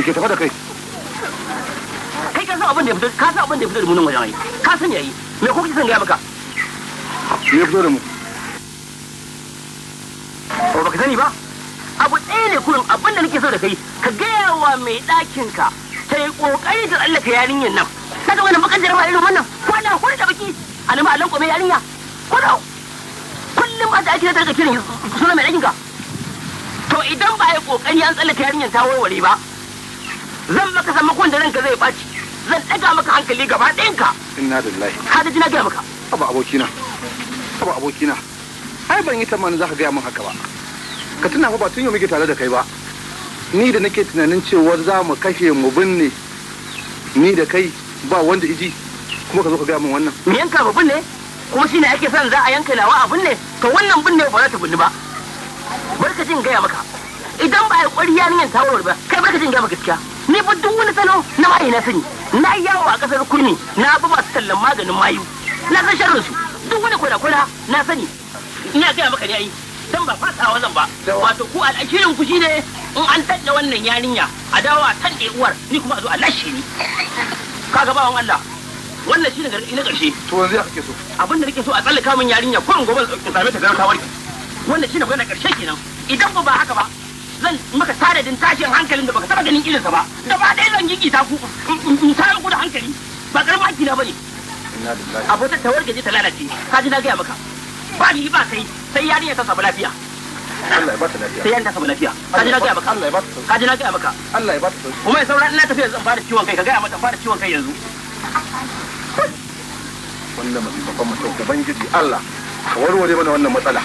ke kai ka san abin da ya fito ka san abin da ya fito da mu wajen ai ka san yayi me ko kike san ga maka me fito da mu ba baka sani ba abu ɗaya ne kullum abin da nake so da kai ka gaya wa mai ɗakin ka ta yi ƙoƙari ta tsallaka yarinyar nan ka ga wannan bakar jarabar irin wannan kwana hudu da baki a nemi alan kome yarinya kudu kullum a da ake ta daga kiran suna mai ɗakin ka to idan ba ya ƙoƙari an tsallaka yarinyar ta warware ba zan maka sammakon da ranka zai baci zan daga maka hankali gaba ɗayanka inna lillahi ka ji na gaya maka aba abokina aba abokina ai ban yi tamanin za ka gaya min haka ba ka tuna fa ba tun yau muke tare da kai ba ni da nake tunanin cewar za mu kashe mu binne ni da kai ba wanda iji kuma ka zo ka gaya min wannan me yanka ba binne kuma shine ake son za a yanka nawa a binne to wannan binne ba za ta binne ba barka jin gaya maka idan ba a yi ƙwari yarinyar tawar ba kai barka jin gaya maka gaskiya ni ba duk wani tsano, na waye na sani na yi yawo a kasar kurmi na bi masu tallan maganin mayu na san sharrin su duk wani kwana-kwana na sani ina gaya maka ne ai dan ba fasawa zan ba wato ku al'ashirin ku shine in an tadda wannan yarinya a dawo a tadde uwar ni kuma a zo a lashe ni kaga bawan Allah wannan shine gari na karshe to yanzu ya kake so abinda da nake so a tsallaka kamun yarinya ko in gobe in same ta kawarki wannan shine gona karshe kenan idan ba ba haka ba zan maka tanadin tashin hankalin da baka taba ganin sa ba gaba ɗaya zan gigita ku in tare ku da hankali ba karma haki na bane abotar ta wargaje ta lalace ka ji na gaya maka ba ni ba sai sai yarinya ta samu lafiya Allah ya ba ta lafiya. Sai yanda samu lafiya. Ka ji na gaya maka. Allah ya ba ta Ka ji na gaya maka. Allah ya ba ta Kuma saura ina tafiya zan fara ciwon kai ka gaya mata fara ciwon kai yanzu. Wannan mafi babban mutum Ubangiji Allah ka warware mana wannan matsala.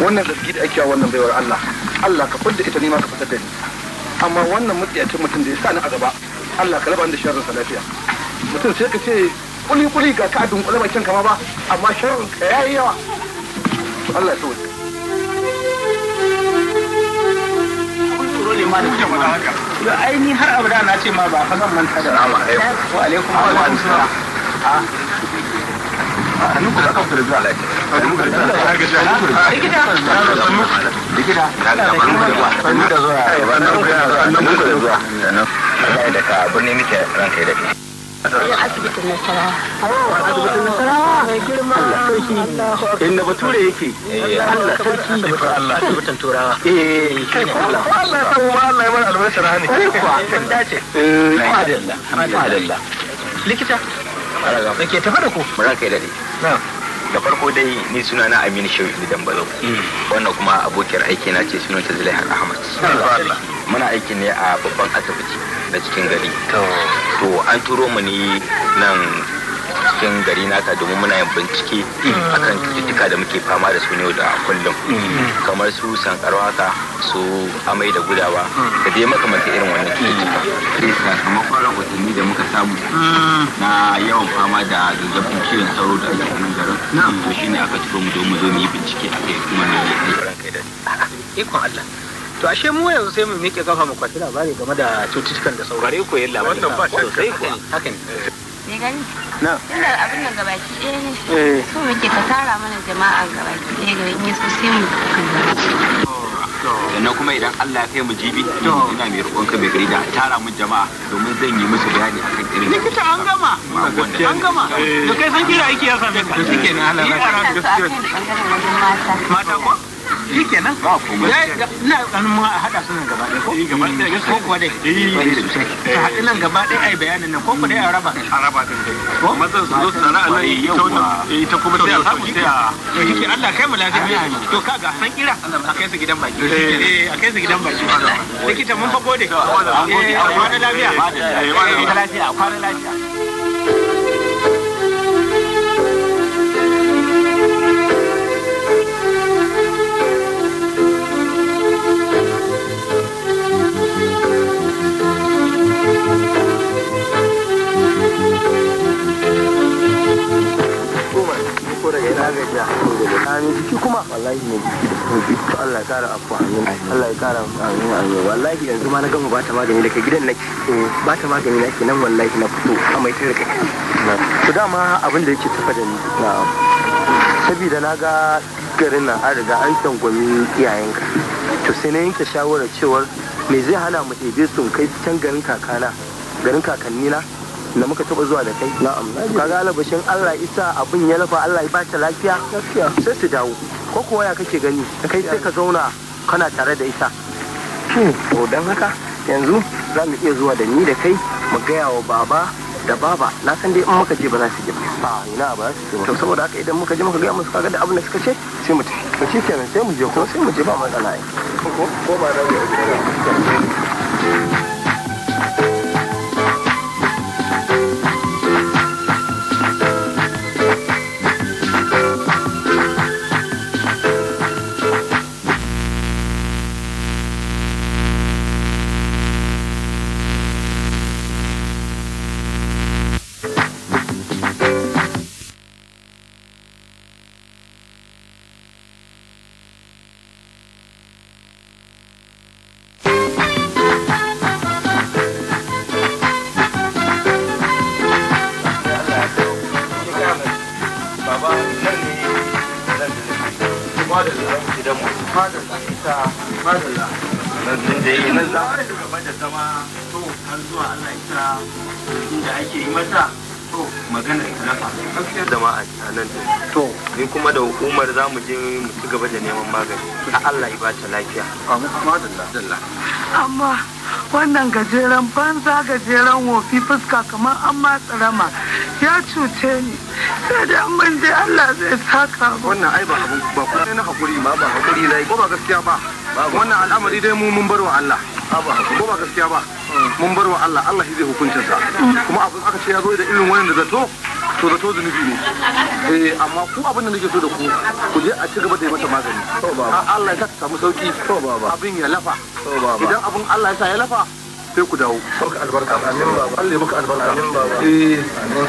wannan zargi da ake wannan baiwar Allah Allah ka fadda ita ne ma ka fitar da ni amma wannan mutsiyacin mutum da ya sa ni a gaba Allah ka raba da sharrin sa lafiya mutum sai ka ce kuli kuli ga ka dunkule bakin kama ba amma sharrin ka yayi yawa Allah ya sauke ma da kuke faɗa har abada na ce ma ba fa zan manta da. Wa asibitin nasarawa mai girma sarki inda bature yake Allah sarki Allah asibitin turawa eh kai Allah Allah san wa Allah ya bar albarkar hani kuwa kun dace eh madalla madalla likita nake tafa da ku mu ranka dade da farko dai ni suna na aminu shehu dan bazau hmm. wannan kuma abokiyar aiki na ce sunan ta zulaihar ahmad muna aiki ne a babban asibiti na cikin gari to an turo mu ne nan cikin gari naka domin muna yin bincike akan cututtuka da muke fama da su ne da kullum kamar su sankarwa haka su amai da gudawa da dai makamantar irin wannan cututtuka sai eh, sakamakon rahotanni da muka samu na yawan fama da zazzabin ciwon sauro da ake ganin garin to ne aka ciro mu domin zo mu yi bincike a kai kuma mu yi ikon Allah to ashe mu yanzu sai mu miƙe kafa mu kwaci labari game da cututtukan da saurare ko yalla wannan ba shakka haka ne ya na yana abin nan gabaki ɗaya ne eh. so muke ka tara mana jama'a gabaki ɗaya ga in yaso sai mu sannan kuma idan Allah ya kai mu jibi ina mai roƙon ka mai gari da tara mu jama'a domin zan yi musu bayani akan irin likita an gama an gama da eh. kai san kira aiki ya same ka shikenan Allah ya kara gaskiya mata ko shi kenan na ganin ma a su nan gaba ɗaya ko eh, ko kuwa dai ta eh, haɗu nan gaba ɗaya ai bayanin nan ko dai a raba a raba din dai ko mazan su zo su tsara a nan eh, ita kuma sai a samu sai a shi Allah kai mu lafiya to kaga san kira a kai su gidan baki a kai su gidan baki likita mun fa gode a kwana lafiya a kwana lafiya ko daga ina ga ja a mai jiki kuma wallahi mai jiki Allah ya kara afuwa Allah ya kara amin wallahi yanzu ma na gama bata magani daga gidan nake bata magani nake nan wallahi na fito a mai tarka to dama abin da yake tafa da ni saboda na ga garin nan an riga an tangwami iyayenka to sai na yanke shawarar cewar me zai hana mu ɗebe su kai can garin kakana garin kakannina da muka taba zuwa da kai na'am ga alabashin Allah isa abin ya lafa Allah ya bata lafiya sai su dawo ko kuwa ya kake gani kai sai ka zauna kana tare da ita to dan haka yanzu za mu iya zuwa da ni da kai mu gaya wa baba da baba na san dai in muka je ba za su je ba ina ba za su je to saboda haka idan muka je muka gaya musu kaga da abin da suka ce sai mu tafi to kenan sai mu je ko sai mu je ba matsala ai ko ba da mu ta lafiya ah, amma wannan gajeren banza gajeren wofi fuska kamar an rama ya cuce ni sai da mun je Allah zai saka wannan ai ba abun ba ko na hakuri ma ba hakuri lai ko ba gaskiya ba wannan al'amari dai mu mun bar wa Allah ah, ko ba gaskiya ba hmm. mun bar wa Allah Allah shi zai hukunta sa hmm. kuma abin aka ce ya zo da irin wannan da zato to da to zunubi ne eh amma ku abin da nake so da ku ku je a ci gaba da yi mata magani Allah ya sa ta samu sauki abin ya lafa idan abin Allah ya sa ya lafa sai ku dawo barka albarka amin baba Allah ya maka albarka amin baba eh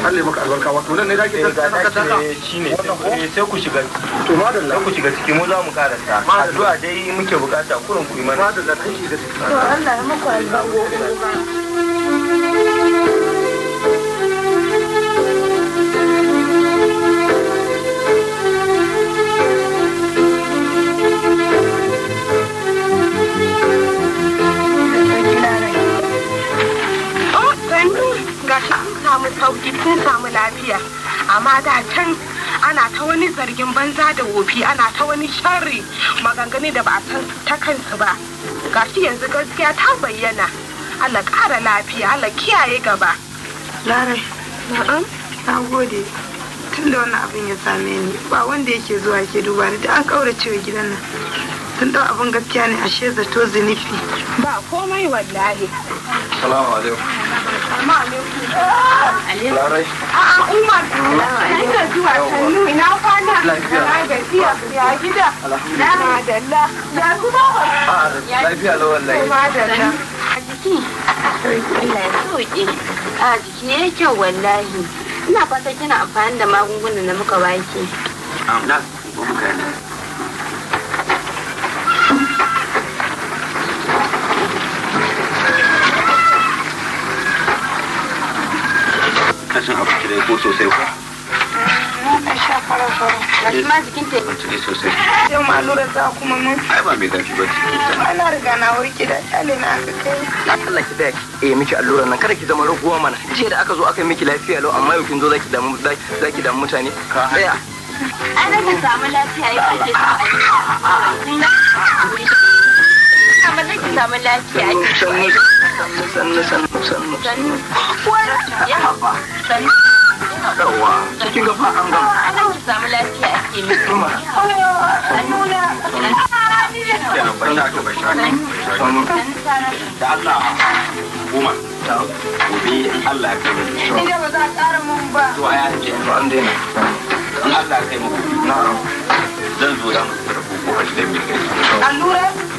Allah ya maka albarka wato nan ne da ke da shine eh, sai ku shiga to madalla ku shiga ciki mu za mu karanta addu'a dai muke bukata kurin ku yi mana madalla kai shiga ciki to Allah ya maka albarka da can ana ta wani zargin banza da wofi ana ta wani sharri maganganu da ba a san ta kansu ba ga shi yanzu gaskiya ta bayyana Allah ƙara lafiya Allah kiyaye gaba larai na'am na gode tun da wannan abin ya same ni ba wanda yake zuwa ke duba ni da an kaura cewa gidan nan tun da abin gaskiya ne ashe zato zinifi. ba komai wallahi salamu alaikum larai Umar, kan da zuwa sannu ina kwana na gajiya ya gida. Na madalla. A jiki. Allah ya soke. kyau wallahi. Ina fata gina amfani da magunguna na muka baki. ko sosai ko fara sosai yau ma ba ana riga na kai Allah ki dai eh miki allura nan kada ki zama raguwa mana jiya da aka zo aka miki lafiya lau amma yau kin zo zaki damu zaki damu mutane ka tsaya ana ka samu lafiya yau ake samu lafiya samu lafiya sannu sannu sannu sannu sannu sannu sannu sannu yawa cikin gaba an gama ki samu lafiya ake kuma Allah ba za a ƙara mun ba an daina kai mu zan zo da mu da a cikin allura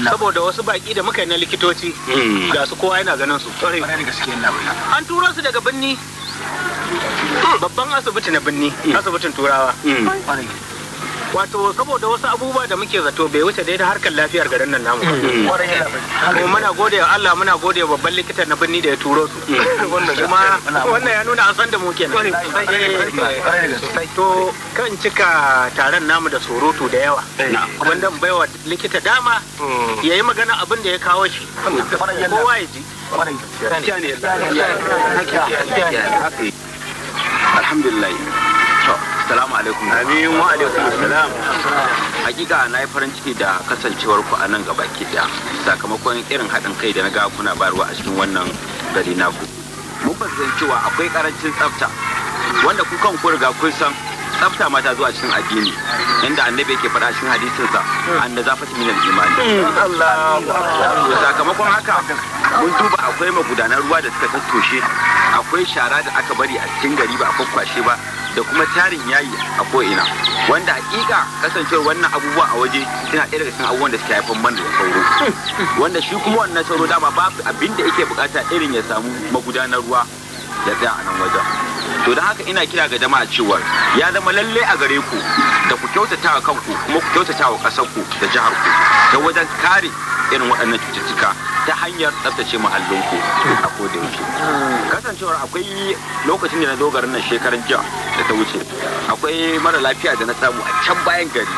saboda wasu baki da muka yi na likitoci hmm. ga su kowa yana ganin su an turo su daga birni hmm. babban asibiti na birni hmm. asibitin turawa wato saboda wasu abubuwa da muke zato bai wuce dai da harkar lafiyar garin nan namu kuma mm. muna gode wa Allah muna gode wa babban likitan na birni da ya turo su mm. kuma wannan ya nuna an san da mu kenan to kan cika taron namu da surutu da yawa eh. bai baiwa likita dama mm. ya yi magana abin da ya kawo shi kowa ya ji alhamdulillah Assalamu alaikum. Amin wa alaikum assalam. Hakika na yi farin ciki da kasancewar ku a nan gaba ke da sakamakon irin haɗin kai da na ga kuna bayarwa a cikin wannan gari na ku. Mun fahimci cewa akwai karancin tsafta wanda ku kan ku riga kun san tsafta ma ta zuwa cikin addini inda annabi yake faɗa cikin hadisinsa an da zafa minal imani. Sakamakon haka mun duba akwai magudanar ruwa da suka tattoshe akwai shara da aka bari a cikin gari ba a kwakwashe ba da kuma tarin yayi a ko'ina wanda hakika kasancewar wannan abubuwa a waje suna ɗaya daga cikin abubuwan da suke haifar mana da sauro wanda shi kuma wannan sauro dama babu abin da yake bukata irin ya samu magudanar ruwa ya tsaya a nan wajen to don haka ina kira ga jama'a cewa ya zama lalle a gare ku da ku kyautata wa kanku kuma ku kyautata wa ku da jihar ku ta wajen kare irin waɗannan cututtuka ta hanyar tsaftace muhallinku a koda yake kasancewar akwai lokacin da na zo nan shekaran jiya da ta wuce akwai mara lafiya da na samu a can bayan gari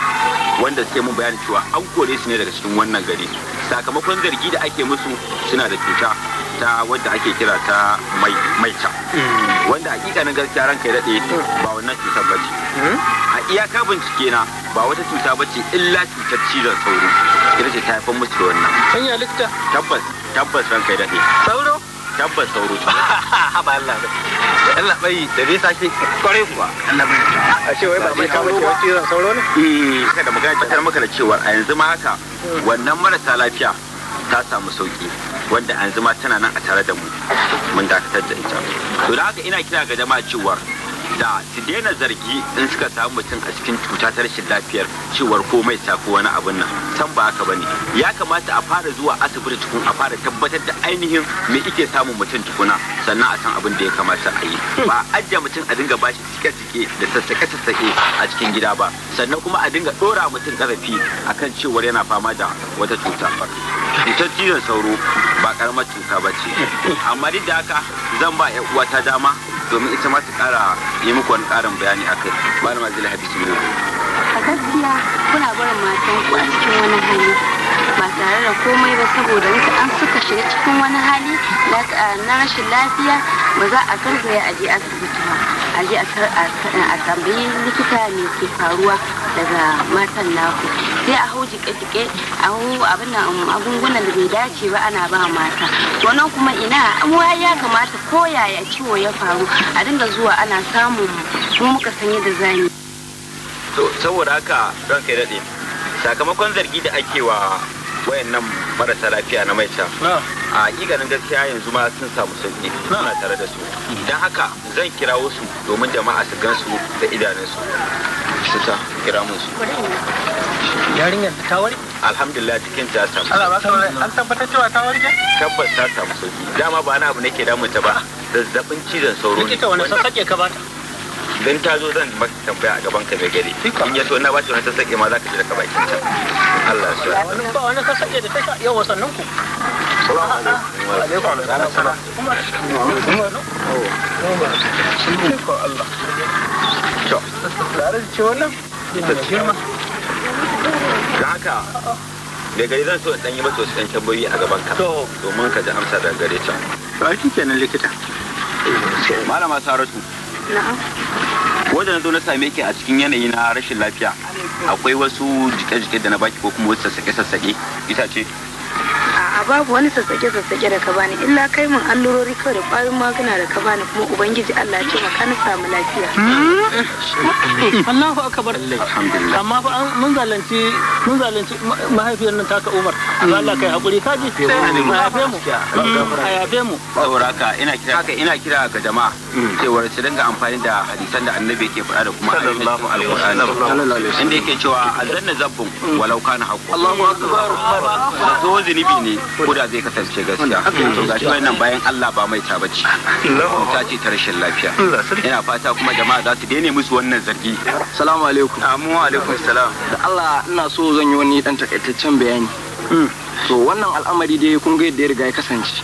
wanda suke mun bayani cewa an kore su ne daga cikin wannan gari sakamakon zargi da ake musu suna da cuta ta wadda ake kira ta mai maita mm. wanda hakikanin gaskiya ranka ya daɗe ba wannan cutar bace mm? a iyaka bincike na ba wata cuta bace illa cutar cizon sauro ita ce ta haifar musu da wannan hanya likita tabbas tabbas ranka ya daɗe sauro tabbas sauro ta haba Allah ba Allah bai da dai sake kware kuwa Allah bai a ce wai ba mai kawo ba cizon sauro ne eh haka da magana ta maka da cewa a yanzu ma haka mm. wannan marasa lafiya ta samu sauki wanda an zama tana nan a tare da mu mun dakatar da ita to da haka ina kira ga jama'a cewar da su daina zargi in suka samu mutum a cikin cuta ta rashin lafiyar cewar komai sako wani abun nan san ba haka bane ya kamata a fara zuwa asibiti tukun a fara tabbatar da ainihin me ike samun mutum tukuna sannan a san abin da ya kamata a yi ba a ajiye mutum a dinga bashi cike-cike da sassake-sassake a cikin gida ba sannan kuma a dinga dora mutum karafi akan cewar yana fama da wata cuta cutar cizon sauro ba karamar cuta ba ce amma duk da haka zan ba 'yan uwata dama domin ita ma ta kara yi muku wani karin bayani a kai. malama zila habisu ne a gaskiya kuna barin matan ku a cikin wani hali ba tare da komai ba saboda wasu an suka shiga cikin wani hali na rashin lafiya ba za a garzaya a je asibiti ba a je a tambayi likita ne ke faruwa daga matan naku sai a hau jike-jike a hau abin um, da bai dace ba ana ba mata wannan kuma ina amuwa ya kamata ko yaya ciwo ya faru a dinga zuwa ana samun mu muka da da zani saboda haka don kai daɗe sakamakon zargi da ake wa Wayan nan marasa lafiya na mai can a ganin gaskiya yanzu ma sun samu sauki suna tare da su don haka zan kira wasu domin jama'a su gan su da idanunsu su ta kira musu yarinyar ta wari alhamdulillah cikin ta samu an tabbatar cewa ta wari tabbas ta samu sauki dama ba na abu nake damunta ba zazzabin cizon sauro ne likita wani sun sake ka bata don ta zo zan ba tambaya a gaban ka mai gari in ya so na ba ta ta sake ma za ka ji daga bakin ta Allah ya ba wani ka sake da ta sha sannan ku haka da gari zan so in ɗanyi masu wasu ɗan tambayoyi a gaban ka domin ka ji amsa da gare can. Ba kenan likita. Malama Saratu. Wanda na zo na same ki a cikin yanayi na rashin lafiya. Akwai wasu jike-jike da na baki ko kuma wasu sassaƙe-sassaƙe ce a'a babu wani sassake sassake da ka bani illa kai mun allurori kawai da ƙwayoyin magana da ka bani kuma ubangiji Allah ya taimaka na samu lafiya hmm? Allahu akbar amma fa mun zalunci mun zalunci mahaifiyar nan taka Umar Allah kai hakuri kaji mahaifiyar mu hmm, a mu saboda haka ina kira haka ina kira ga jama'a hmm. cewar su dinga amfani da hadisan da annabi ke faɗa da kuma sallallahu alaihi wasallam inda yake cewa azanna zabbun walau kana hakku Allahu akbar zo zinibi ne koda zai kasance gaskiya to gashi wannan bayan Allah ba mai ta bace ta ce ta rashin lafiya ina fata kuma jama'a za su daina musu wannan zargi assalamu alaikum amu ah, alaikum salam da Allah ina so zan yi wani dan takaitaccen bayani hmm. to wannan al'amari dai kun ga yadda ya riga ya kasance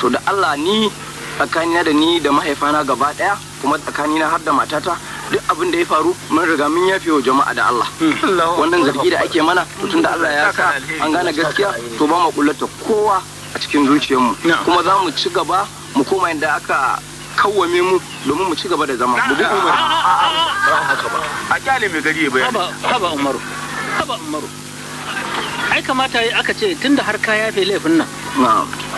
to da Allah ni tsakanina da ni da mahaifana gaba daya kuma tsakanina har da matata duk abin da ya faru mun riga mun yafe wa jama'a da Allah hmm. wannan zargi da ake mana tun da Allah ya sa an gane gaskiya to ba mu kullata kowa a cikin zuciyarmu kuma za mu ci gaba mu koma inda aka kawwame mu domin mu ci gaba da zama mu bi umaru a kyale mai gari bayani haba umaru haba umaru ai kamata yi aka ce tunda har ka yafe laifin nan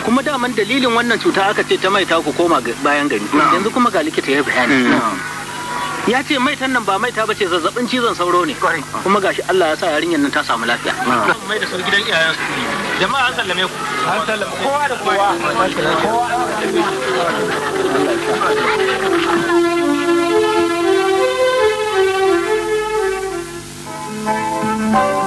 kuma daman dalilin wannan cuta aka ce ta mai ta ku koma bayan gari yanzu kuma ga likita ya bayani hmm. ya ce maitan nan ba maita bace zazzabin cizon sauro ne kuma gashi Allah ya sa yarinyar nan ta samu lafiya ah. mai da su gidan iyayen jama'a an sallame ku an sallame kowa da kowa kowa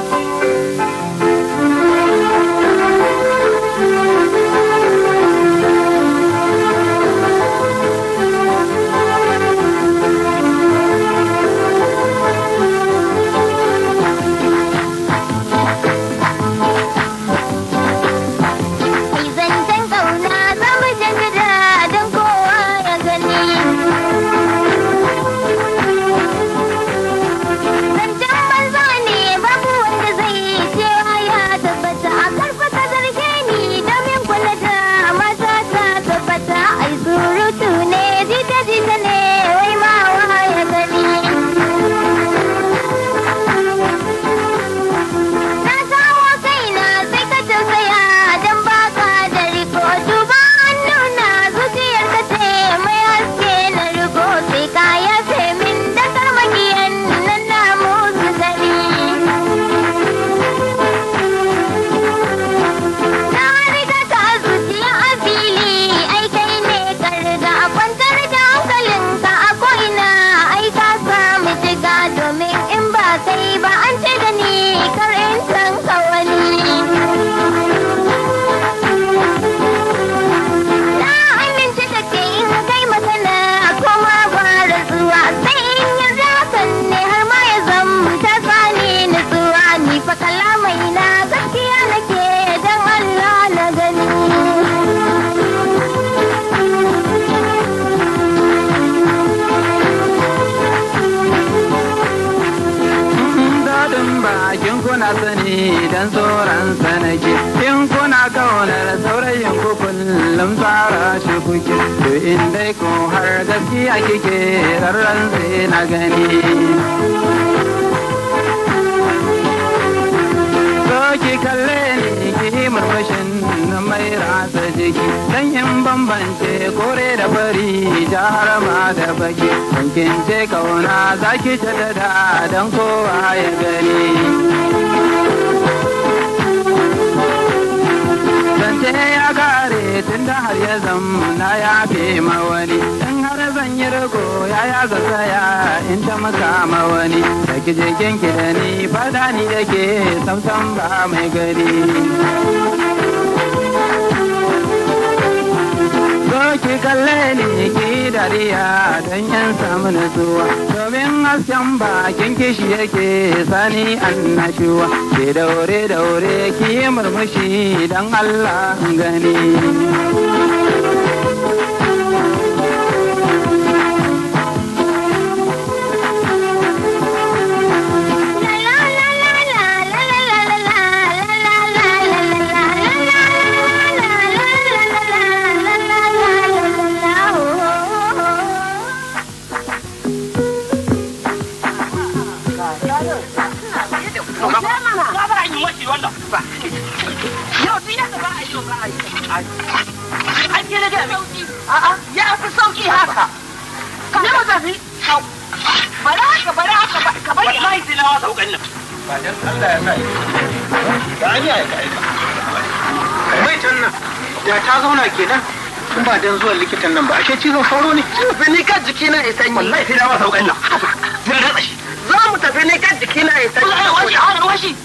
ba dan zuwan likitan nan ba ashe cizon sauro ne tafi ne kan jiki na ya sanyi wallahi sai na ba sauƙan nan zan ratsa shi za mu tafi ne kan jiki na ya sanyi wallahi washi har washi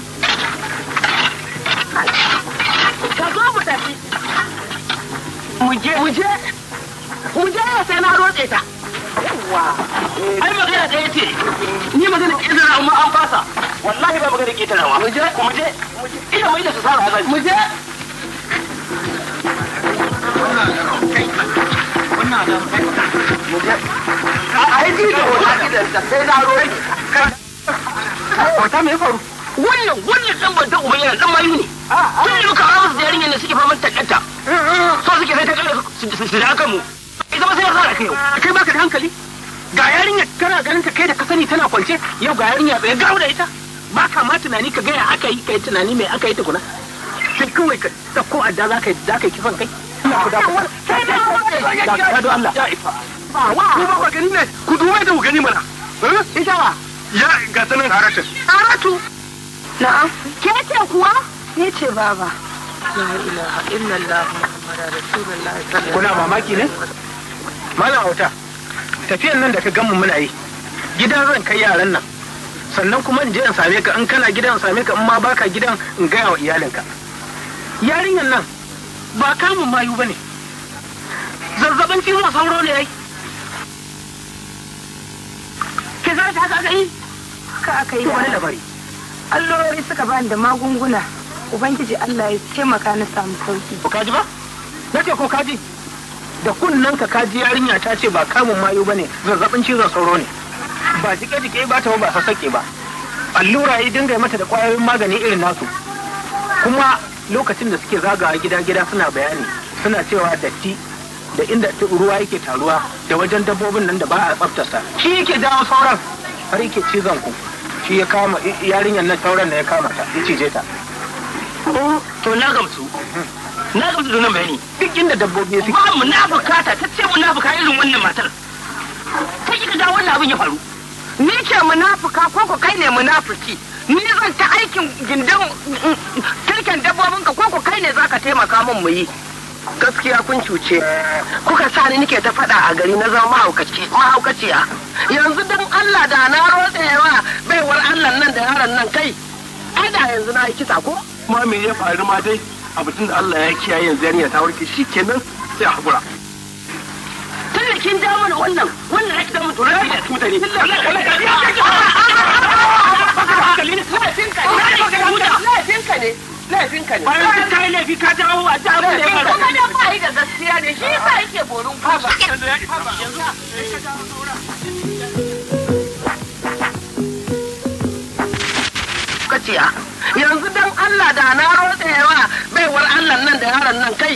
ka zo mu tafi mu je mu je mu je ya sai na rotse ta ai magana da yace ni magana ke zara amma an fasa wallahi ba magana ke tarawa mu je mu je ina mai da su sara mu je Wata mai faru? Wannan wannan dan ban ta da ah, ah. da da eh, eh. baka da hankali. Ga yarinya kana ganin ta kai da ka sani tana kwance yau ga yarinya tsaye gawo da ita. Ba ka tunani ka gaya aka yi kai tunani mai aka yi tukuna. Sai kawai ka dauko adda za ka yi kifan kai. Allah ku da ku da da Allah ya ifa wa ku ba gani ne ku duba da ku gani mana ita wa ya ga sanan haratu haratu na'am ke ce kuwa ni ce baba la ilaha illallah muhammadar rasulullah kuna mamaki ne malam auta tafiyan nan da ka gamu muna yi gidan zan kai yaran nan sannan kuma in je in same ka in kana gidan in same ka in ma baka gidan in gaya wa iyalinka yarinyar nan ba kamun mayu ba ne Zazzaɓin cizon sauro ne ai ke za ta haka yi ka aka yi wani labari allorori suka bani da magunguna ubangiji allah ya taimaka na samu sauki ko kaji ba na ce ko kaji da kunnen ka kaji yarinya ta ce ba kamun mayu ba ne zazzabin cizon sauro ne ba jike-jike ba ta ba sassake ba allura ya dinga mata da kwayoyin magani irin nasu kuma lokacin da suke zagawa gida-gida suna bayani suna cewa datti da inda ruwa yake taruwa da wajen dabbobin nan da ba a tsaftasa shi yake jawo sauran har yake cizon ku shi ya kama yarinyar na sauran da ya kama ta ya cije ta to na gamsu na gamsu da nan bayani duk inda dabbobi su ba mu na bukata ta ce mu na bukata irin wannan matar ta ki ga wannan abin ya faru ni ce munafuka ko ko kai ne munafiki ni zan ta aikin gindin mm, dabbobin ka ko ku kai ne zaka taimaka min mu yi gaskiya kun cuce kuka sa ni nike ta faɗa a gari na zama mahaukaciya yanzu dan Allah da na rotsewa baiwar Allah nan da yaron nan kai ai da yanzu na yi kisa ko ma me ya faru ma dai Abincin da Allah ya kiyaye yanzu yarinya ta warke shikenan sai a hakura tun da kin ja mana wannan wannan damu to lafiya da mutane laifinka ne ne bayan laifi ka jawo a kuma da ba yi da gaskiya ne shi yanzu ka ah, yanzu dan Allah da na rotsewa baiwar Allah nan da yaron nan kai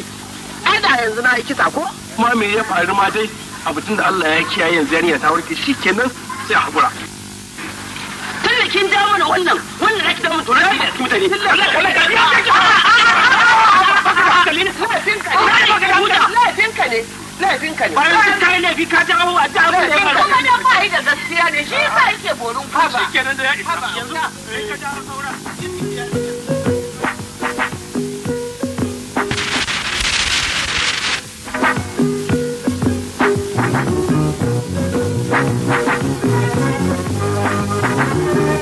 ai da yanzu na yi kisa ko kuma me ya faru ma dai abin da Allah ya kiyaye yanzu yana ta warke kenan sai a hakura tun kin ja mana wannan wannan da kidan mutum rai da mutane laifinka ne laifinka ne Ba ka yi laifi ka jawo a ta abin da ya ka ne. ba yi da gaskiya ne shi yasa yake borin Shi kenan da ya isa yanzu sai ka jawo saura